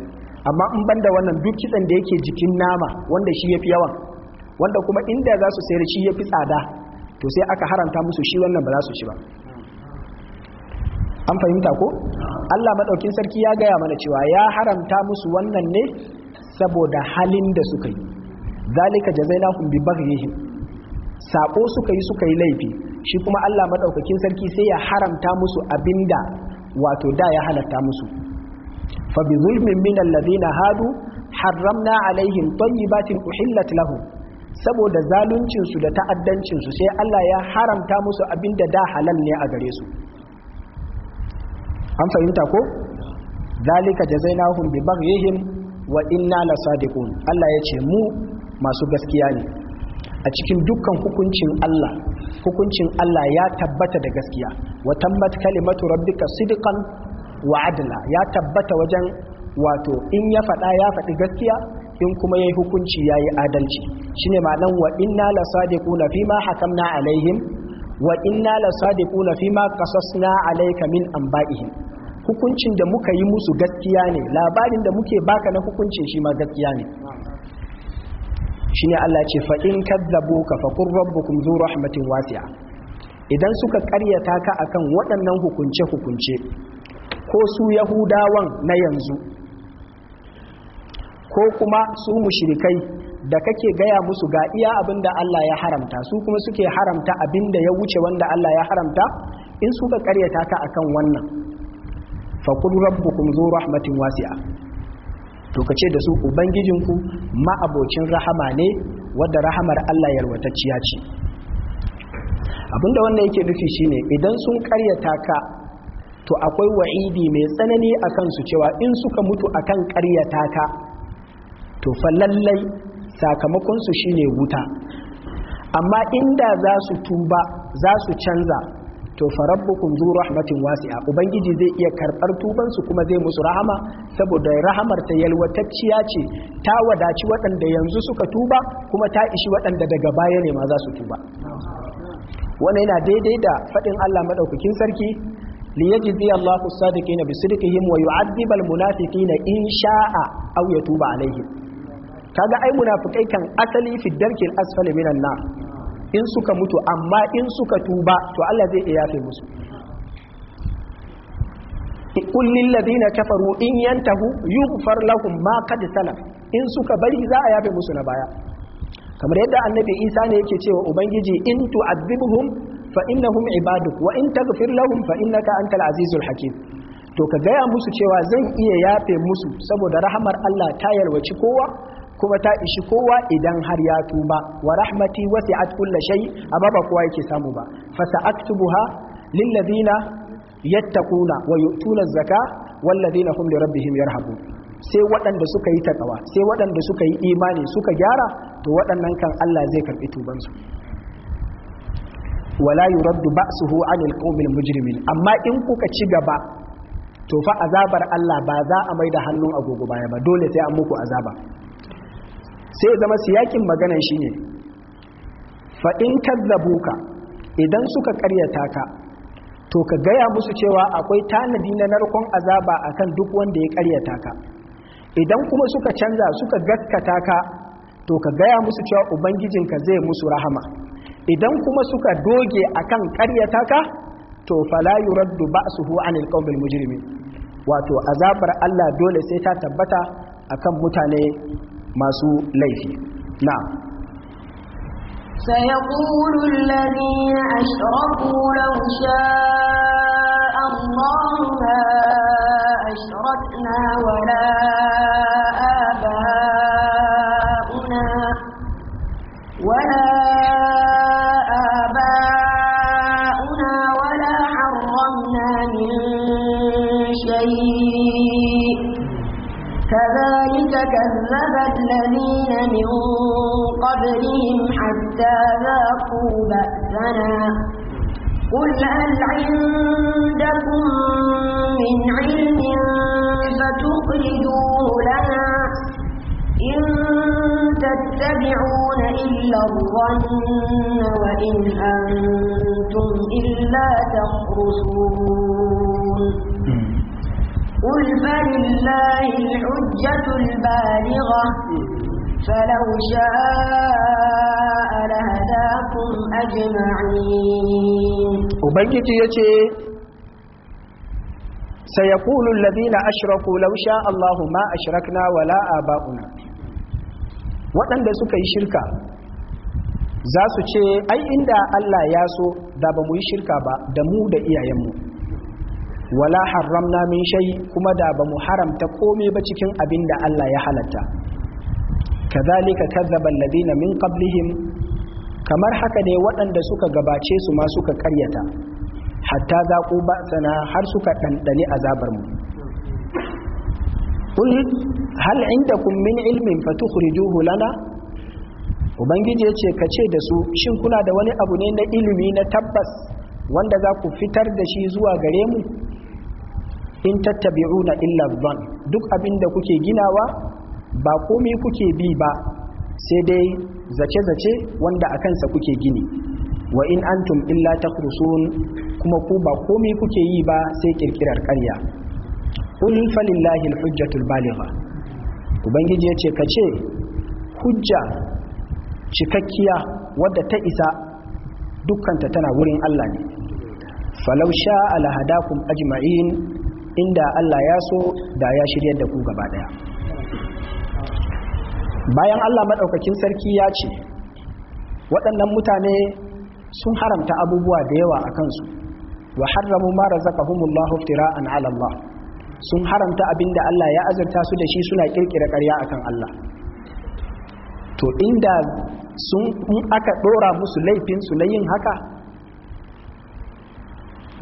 amma in banda wannan duk kitsen da yake jikin nama wanda shi yafi yawan wanda kuma inda za su sayar shi yafi tsada to sai aka haranta musu shi wannan ba za su shi ba an fahimta ko Allah maɗaukin sarki ya gaya mana cewa ya haramta musu wannan ne saboda halin da suka yi zalika jazainahum bi baghyihim sako suka yi suka yi laifi shi kuma Allah madaukakin sarki sai ya haramta musu abinda wato da ya halatta musu fa bi zulmin min alladhina hadu harramna alaihim tayyibatin uhillat lahum saboda zaluncin su da ta'addancin su sai Allah ya haramta musu abinda da halal ne a gare su an fahimta ko zalika jazainahum bi baghyihim wa inna lasadiqun Allah ya ce mu masu gaskiya ne a cikin dukkan hukuncin Allah hukuncin Allah ya tabbata da gaskiya wa tambat kalimatu rabbika sidqan wa adla ya tabbata wajen wato in ya faɗa ya faɗi gaskiya in kuma yayi hukunci yayi adalci shine ma'anan wa inna lasadiquna fima hakamna alaihim wa inna la sadiquna fima qasasna alayka min anba'ihim hukuncin da muka yi musu gaskiya ne labarin da muke baka na hukuncin shi ma gaskiya ne shine Allah ce fa in kadzabuka fa qur rabbukum zu rahmatin wasi'a idan suka karyata ka akan waɗannan hukunce hukunce ko su yahudawan na yanzu ko kuma su mushrikai da kake gaya musu ga iya abin da Allah ya haramta su kuma suke haramta abin da ya wuce wanda Allah ya haramta in suka karyata ka akan wannan faqul rabbukum zu rahmatin wasi'a to kace da su ubangijinku ma'abocin rahama ne wadda rahamar Allah yarwatacciya ce abinda wannan yake nufi shine idan sun karyata ka to akwai wa'idi mai tsanani akan su cewa in suka mutu akan karyata ka to fa lallai sakamakonsu shine wuta amma inda za su tuba za su canza to farabbukum zu rahmatin wasi'a ubangiji zai iya karbar tuban su kuma zai musu rahama saboda rahamar ta yalwatacciya ce ta wadaci waɗanda yanzu suka tuba kuma ta ishi waɗanda daga baya ne ma za su tuba wannan yana daidai da faɗin Allah madaukakin sarki li yajidi Allahu sadiqina bi sidqihim wa yu'adhibal munafiqina in sha'a aw yatuba alaihim kaga ai munafikai kan asali fi darkil asfali minan nar in suka mutu amma in suka tuba to Allah zai iya yafe musu qul lil ladina kafaru in yantahu yughfar lahum ma qad salaf in suka bari za a yafe musu na baya kamar yadda annabi Isa ne yake cewa ubangiji in tu'adhibhum fa innahum ibaduk wa in taghfir lahum fa innaka antal azizul hakim to ka gaya musu cewa zan iya yafe musu saboda rahamar Allah ta yalwaci kowa kuma ta ishi kowa idan har ya tuba wa rahmati wasi'at kulli shay amma ba kowa yake samu ba fa sa'aktubuha lil ladina yattaquna wa yu'tuna zaka wal ladina hum li rabbihim yarhabun sai waɗanda suka yi takawa sai waɗanda suka yi imani suka gyara to waɗannan kan Allah zai karbi tuban su wala yuraddu ba'suhu 'anil qawmil mujrimin amma in kuka ci gaba to fa azabar Allah ba za a mai da hannun agogo baya ba dole sai an muku azaba sai zama siyakin magana shi ne fa'in kazzabuka idan suka karyata ka to ka gaya musu cewa akwai tanadi na narkon azaba akan duk wanda ya karyata ka idan kuma suka canza suka gaskata ka to ka gaya musu cewa ubangijinka zai musu rahama idan kuma suka doge akan karyata ka to ba su huwa anil ƙaunar mujrimin wato azabar Allah dole sai ta tabbata akan mutane masu laifi na'am سيقول الذين أشركوا لو شاء الله ما أشركنا ولا الذين من قبلهم حتى ذاقوا بأسنا قل هل عندكم من علم فتخرجوه لنا إن تتبعون إلا الظن وإن أنتم إلا تخرصون قل فلله الحجة البالغة فلو شاء لهداكم أجمعين وبنجي يتي سيقول الذين أشركوا لو شاء الله ما أشركنا ولا آباؤنا waɗanda suka yi shirka za su ce ai inda Allah ya so da ba mu yi shirka ba da mu da iyayenmu wala haramna min shai kuma da ba mu haramta komai ba cikin abin da Allah ya halatta kazalika kazzaba alladhina min qablihim kamar haka ne waɗanda suka gabace su ma suka karyata hatta za ku ba sana har suka dandane azabar mu kul hal indakum min ilmin fatukhrijuhu lana ubangiji yace kace da su shin kuna da wani abu ne na ilimi na tabbas wanda za ku fitar da shi zuwa gare mu in tattabi'una illa dhann duk abinda kuke ginawa ba komai kuke bi ba sai dai zace-zace wanda a kansa kuke gini wa in antum illa takhrusun kuma ku ba komai kuke yi ba sai kirkirar ƙarya qul falillahi hujjatul baligha ubangiji yace kace hujja cikakkiya wadda ta isa dukkanta tana wurin Allah ne falau sha'a alhadakun ajma'in inda Allah ya so da ya shiryar da ku gaba daya bayan Allah maɗaukakin sarki ya ce waɗannan mutane sun haramta abubuwa da yawa a kansu wa harramu ma razaqahumullahu iftira'an 'ala Allah sun haramta abinda Allah ya azurta su da shi suna ƙirƙira ƙarya akan Allah to inda sun in aka dora musu laifin su na yin haka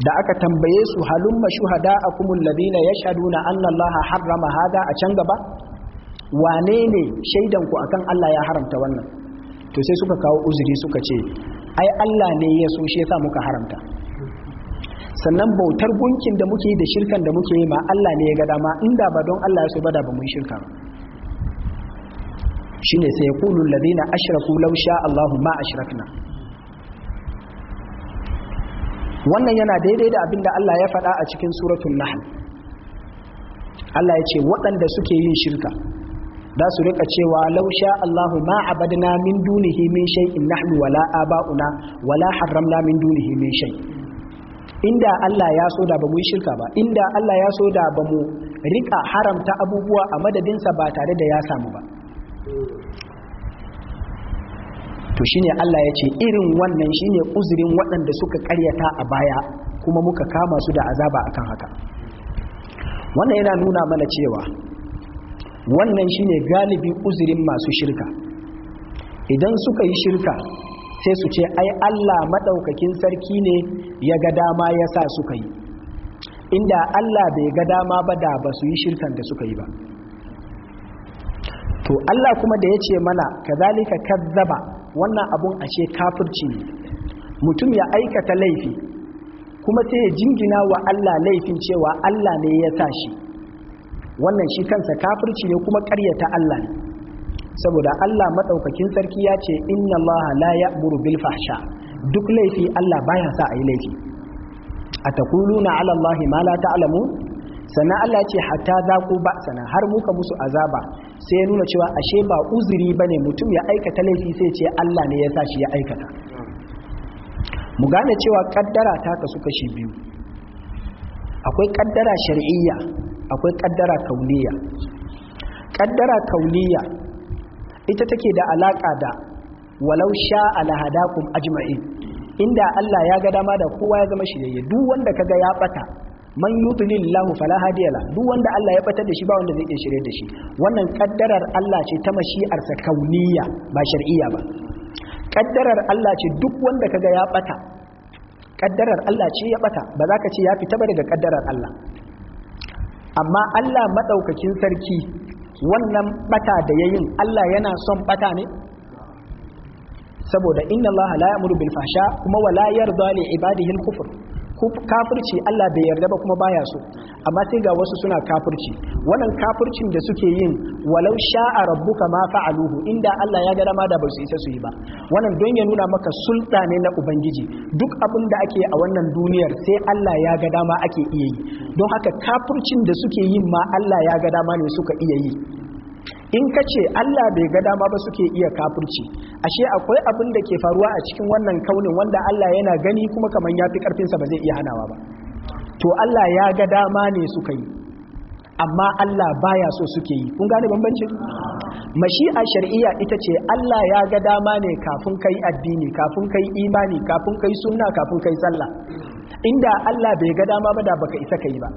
da aka tambaye su halumma shuhada akumul ladina yashhaduna anna Allah harrama hada a can gaba wane ne shaidanku akan Allah ya haramta wannan to sai suka kawo uzuri suka ce ai Allah ne ya so shi yasa muka haramta sannan bautar gunkin da muke yi da shirkan da muke yi ma Allah ne ya ga dama inda ba don Allah ya so ba da ba mun shirka ba shine sai yaqulu alladhina ashraku law sha Allahu ma ashrakna wannan yana daidai da abinda Allah ya faɗa a cikin suratul nahl Allah ya ce waɗanda suke yin shirka da su rika cewa lausha Allahu ma abadna min dunihi min in nahnu wala aba'una wala haramna min dunihi min shay inda Allah ya so da bamu shirka ba inda Allah ya so da bamu rika haramta abubuwa a madadin sa ba tare da ya samu ba to shine Allah ya ce irin wannan shine uzurin waɗanda suka karyata a baya kuma muka kama su da azaba akan haka wannan yana nuna mana cewa wannan shine galibi uzurin masu shirka idan suka yi shirka sai su ce ai Allah maɗaukakin sarki ne ya ga dama ya sa suka yi inda Allah bai ga dama ba da ba su yi shirkan da suka yi ba to Allah kuma da ya ce mana ka kazalika kazzaba wannan abun ashe kafirci ne mutum ya aikata laifi kuma sai ya jingina wa Allah laifin cewa Allah ne ya sa shi wannan shi kansa kafirci ne kuma ƙaryata Allah ne saboda Allah madaukakin sarki ya ce inna Allah la ya'muru bil fahsha duk laifi Allah baya sa a yi laifi atakuluna ala Allah ma la ta'lamu sannan Allah ce hatta ku ba sana har muka musu azaba sai ya nuna cewa ashe ba uzuri ne mutum ya aikata laifi sai ce Allah ne ya sa shi ya aikata mu gane cewa kaddara ta kasu kashi biyu akwai kaddara shar'iyya akwai kaddara kauniya kaddara kauniya ita take da alaka da walau sha alahadakum ajma'in inda Allah ya ga dama da kowa ya zama da duk wanda kaga ya bata man yudlilillahu fala hadiyala duk wanda Allah ya batar da shi ba wanda zai iya shirye da shi wannan kaddarar Allah ce ta mashi'ar sa kauniya ba shar'iyya ba kaddarar Allah ce duk wanda kaga ya bata kaddarar Allah ce ya bata ba za ka ce ya fita ba daga kaddarar Allah amma Allah maɗaukakin sarki wannan ɓata da ya yin, Allah yana son ɓata ne saboda inna Allah la ya'muru bil fasha kuma wala yarda li ibadihi al kufr kafirci Allah bai yarda ba kuma baya so amma sai ga wasu suna kafirci wannan kafircin da suke yin walau sha'a rabbuka ma fa'aluhu inda Allah ya ga dama da ba su isa su yi ba wannan don ya nuna maka sulta ne na ubangiji duk abin da ake a wannan duniyar sai Allah ya ga dama ake iya yi don haka kafircin da suke yin ma Allah ya ga dama ne suka iya yi in ka ce Allah bai ga dama ba suke iya kafirci ashe akwai abin da ke faruwa a cikin wannan kaunin wanda Allah yana gani kuma kamar ya fi karfinsa ba zai iya hanawa ba to Allah ya ga dama ne suka yi amma Allah baya so suke yi kun gane bambancin mashi'a shar'iyya ita ce Allah ya ga dama ne kafin kai addini kafin kai imani kafin kai sunna kafin kai sallah inda Allah bai ga dama ba da baka isa kai ba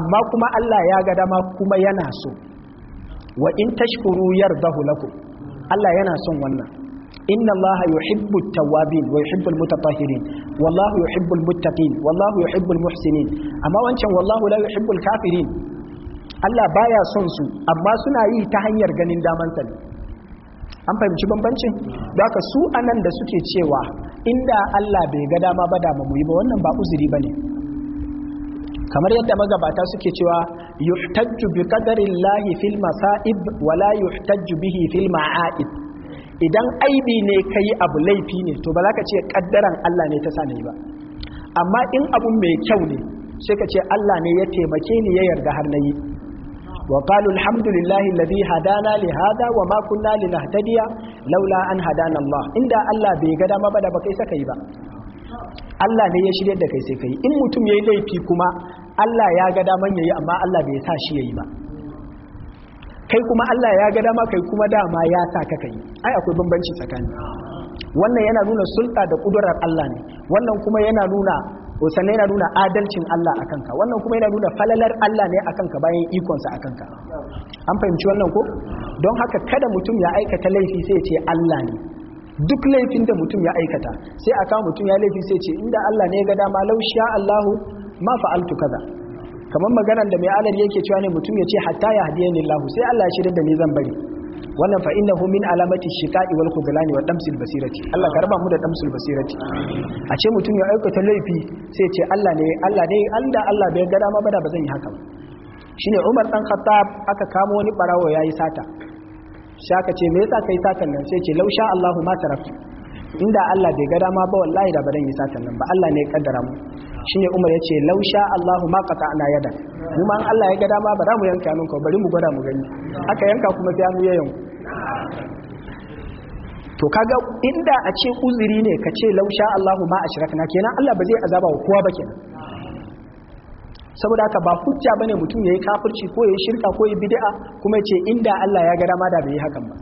amma kuma Allah ya ga dama kuma yana so wa in tashkuru yardahu lakum Allah yana son wannan inna Allah yuhibbu at-tawwabin wa yuhibbu al-mutatahhirin wallahu yuhibbu al-muttaqin wallahu yuhibbu al-muhsinin amma wancan wallahu la yuhibbu al-kafirin Allah baya son su amma suna yi ta hanyar ganin damansa ne an fahimci bambancin da haka su anan da suke cewa inda Allah bai ga dama ba da mu yi ba wannan ba uzuri bane kamar yadda magabata suke cewa yuhtajju bi qadarillahi fil masa'ib wala yuhtajju bihi fil ma'aib idan aibi ne kai abu laifi ne to ba za ka ce kaddaran Allah ne ta sani ba amma in abun mai kyau ne sai ka ce Allah ne ya taimake ni ya yarda har nayi wa qalu alhamdulillahi alladhi hadana li hada wa ma kunna linahtadiya laula an hadana Allah inda Allah bai ga dama ba da bakai isa kai ba Allah ne ya shirya da kai sai kai in mutum yayi laifi kuma Allah ya ga daman yayi amma Allah bai sa shi yayi ba kai kuma Allah ya ga dama kai kuma dama ya sa ka kai ai akwai bambanci tsakani wannan yana nuna sulta da kudurar Allah ne wannan kuma yana nuna sannan yana nuna adalcin Allah a ka. wannan kuma yana nuna falalar Allah ne a ka bayan ikonsa a ka. an fahimci wannan ko don haka kada mutum ya aikata laifi sai ya ce Allah ne duk laifin da mutum ya aikata sai aka mutum ya laifi sai ce inda Allah ne ya ga dama law Allahu ma fa'altu kaza kamar maganar da mai alar yake cewa ne mutum ya ce hatta ya hadiyani Allah sai Allah ya shirya da ni zan bari wannan fa innahu min alamati shiqa'i wal khudlani wa damsil basirati Allah ka mu da damsil basirati a ce mutum ya aikata laifi sai ce Allah ne Allah ne Allah Allah bai ga dama ba da bazan yi haka ba shine Umar dan Khattab aka kamo wani barawo yayi sata shaka ce me yasa kai satan nan sai ce lausha Allahu ma taraktu inda Allah bai ga dama ba wallahi da baran yi satan nan ba Allah ne ya kaddara mu shine Umar yace lausha Allahu ma qata'na yadan mu ma Allah ya ga dama ba za mu yanka hannun ko bari mu gwada mu gani aka yanka kuma sai mu ya to kaga inda a ce uzuri ne ka ce lausha Allahu ma ashrakna kenan Allah ba zai azaba wa kowa ba kenan saboda haka ba hujja bane mutum yayi kafirci ko yayi shirka ko yayi bid'a kuma ya ce inda Allah ya ga dama da bai yi hakan ba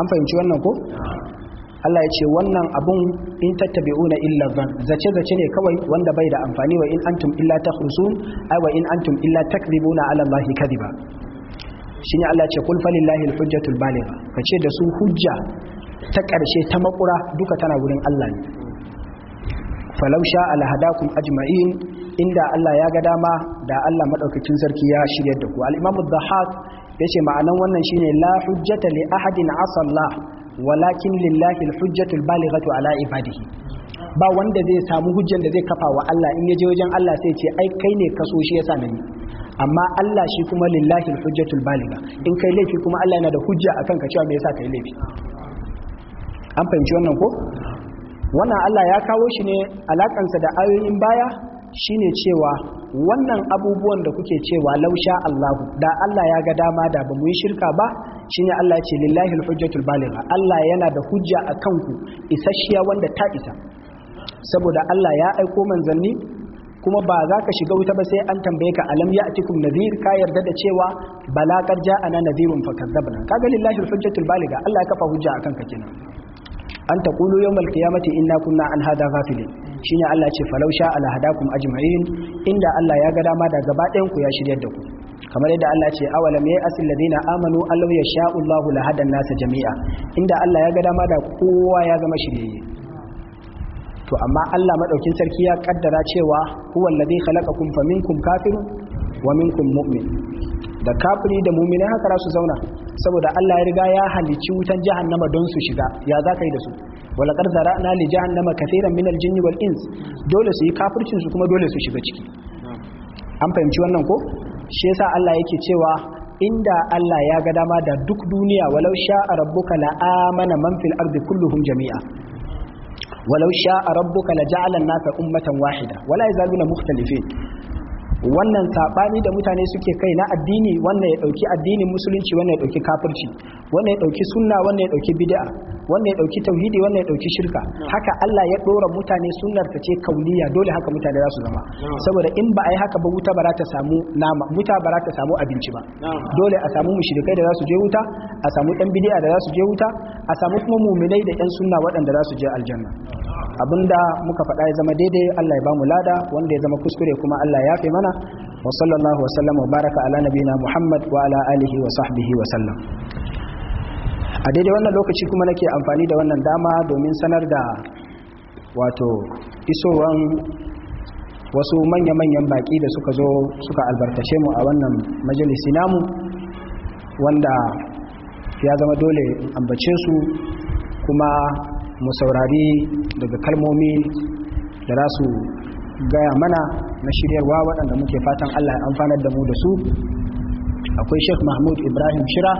an fahimci wannan ko Allah ya ce wannan abun in tattabi'una illa zan zace zace ne kawai wanda bai da amfani wa in antum illa takhrusun ai wa in antum illa takdibuna ala Allah kadhiba shine Allah ya ce kul falillahi alhujjatul baligha kace da su hujja ta karshe ta makura duka tana wurin Allah ne falau sha ala hadakum ajma'in inda Allah ya ga dama da Allah madaukakin sarki ya shiryar da ku al-imam ad ya yace ma'anan wannan shine la hujjata li ahadin asalla walakin lillahi al-hujjatu al-balighatu ala ibadihi ba wanda zai samu hujjan da zai kafa wa Allah in yaje wajen Allah sai ce ai kai ne kaso shi yasa nani amma Allah shi kuma lillahi al-hujjatu al-baligha in kai laifi kuma Allah yana da hujja akan ka cewa me yasa kai laifi an fahimci wannan ko wannan Allah ya kawo shi ne alakansa da ayoyin baya shine cewa wannan abubuwan da kuke cewa lausha Allahu da Allah ya ga dama da ba mu yi shirka ba shine Allah ya ce lillahi alhujjatul baligha Allah yana da hujja akan ku isasshiya wanda ta isa saboda Allah ya aiko manzanni kuma ba za ka shiga wuta ba sai an tambaye ka alam ya atikum nadhir ka yarda da cewa bala qad ja'ana nadhirun fakadzabna kaga lillahi alhujjatul baligha Allah ya kafa hujja akan ka kenan an taqulu yawmal qiyamati inna kunna an hada ghafilin shine Allah ce falausha ala hadakum ajma'in inda Allah ya ga dama da gaba ku ya shiryar da ku kamar yadda Allah ce awalam yayi asil ladina amanu allahu yasha'u Allahu lahadan nasa jami'a inda Allah ya ga dama da kowa ya zama shiryaye. to amma Allah maɗaukin sarki ya kaddara cewa huwal ladhi khalaqakum faminkum kafin, wa minkum mu'min da kafiri da mu'mini haka za su zauna saboda Allah ya riga ya halicci wutan jahannama don su shiga ya za ka yi da su wala qad zara'na li jahannama kaseeran min al-jinni wal ins dole su yi kafircin su kuma dole su shiga ciki an fahimci wannan ko shi yasa Allah yake cewa inda Allah ya ga dama da duk duniya walau sha'a rabbuka la amana man fil ardi kulluhum jami'a walau sha'a rabbuka la ja'ala nasa ummatan wahida wala yazaluna mukhtalifin wannan sabani da mutane suke kai na addini wannan ya dauki addinin musulunci wannan ya dauki kafirci wannan ya dauki sunna wannan ya dauki bid'a wannan ya dauki tauhidi wannan ya dauki shirka haka Allah ya dora mutane sunnar ta ce kauniya dole haka mutane za su zama saboda in ba a yi haka ba wuta ba za ta samu nama wuta ba ta samu abinci ba dole a samu mushrikai da za su je wuta a samu yan bid'a da za su je wuta a samu kuma muminai da yan sunna waɗanda za su je aljanna abinda muka faɗa ya zama daidai Allah ya bamu lada wanda ya zama kuskure kuma Allah ya yafe mana wa sallallahu wa sallam wa baraka ala nabina Muhammad wa ala alihi wa sahbihi wa sallam a daidai wannan lokaci kuma nake amfani da wannan dama domin sanar da wato isowan wasu manya-manyan baƙi da suka zo suka albarkace mu a wannan majalisi namu wanda ya zama dole ambace su kuma mu saurari daga kalmomi da za su gaya mana na shiryarwa waɗanda muke fatan Allah ya amfanar da mu da su akwai Sheikh Mahmud Ibrahim Shira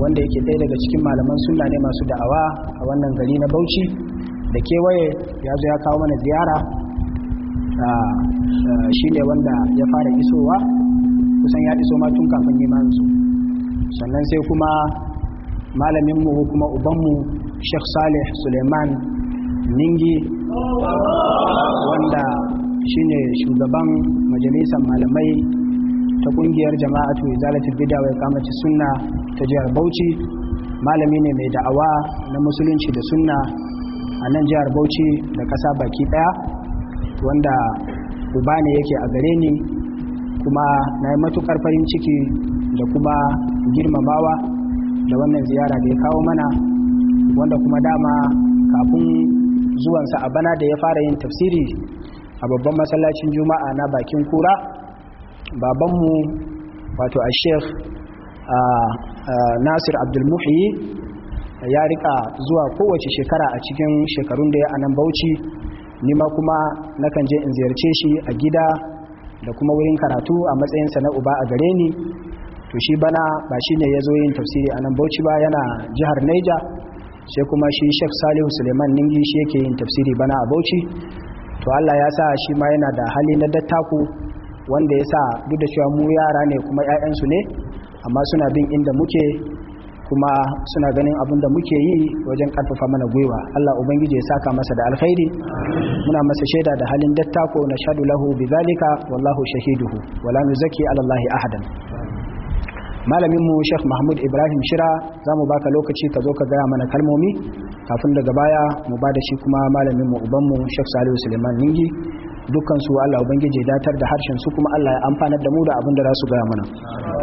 wanda yake ɗaya daga cikin malaman suna ne masu da'awa a wannan gari na Bauchi da kewaye ya zo ya kawo mana ziyara shi ne wanda ya fara isowa kusan ya iso ma tun kafin yi sannan sai kuma malaminmu kuma ubanmu Sheikh Saleh Suleiman Ningi wanda shine shugaban majalisar malamai ta kungiyar jama'atu izalatul bid'a wa iqamati sunna ta jihar Bauchi malami ne mai da'awa na musulunci da sunna a nan jihar Bauchi da kasa baki daya wanda uba ne yake a gare ni kuma na yi matukar farin ciki da kuma girmamawa da wannan ziyara da ya kawo mana wanda kuma dama kafin zuwansa a bana da ya fara yin tafsiri a babban masallacin juma'a na bakin kura babanmu wato a sheikh nasir abdulmuhi ya rika zuwa kowace shekara a cikin shekarun da ya anan bauchi nima kuma nakan je in ziyarce shi a gida da kuma wurin karatu a matsayinsa na uba a gare ni to shi bana ba shi ne ya zo yin tafsiri a nan bauchi ba yana jihar naija sai kuma shi Sheikh Salihu Suleiman Ningi shi yake yin tafsiri bana a Bauchi to Allah ya sa shi ma yana da hali na dattaku wanda ya sa duk da cewa mu yara ne kuma su ne amma suna bin inda muke kuma suna ganin abin da muke yi wajen karfafa mana gwiwa Allah ubangiji ya saka masa da alkhairi muna masa shaida da halin dattako na shadu lahu bi zalika wallahu shahiduhu wala nuzaki ala allahi ahadan malamin mu Sheikh Mahmud Ibrahim Shira za mu baka lokaci ka zo ka gaya mana kalmomi kafin daga baya mu ba da shi kuma malaminmu ubanmu uban Salihu Suleiman Ningi dukkan su Allah ubangiji datar da harshen su kuma Allah ya amfanar da mu da abin da za su gaya mana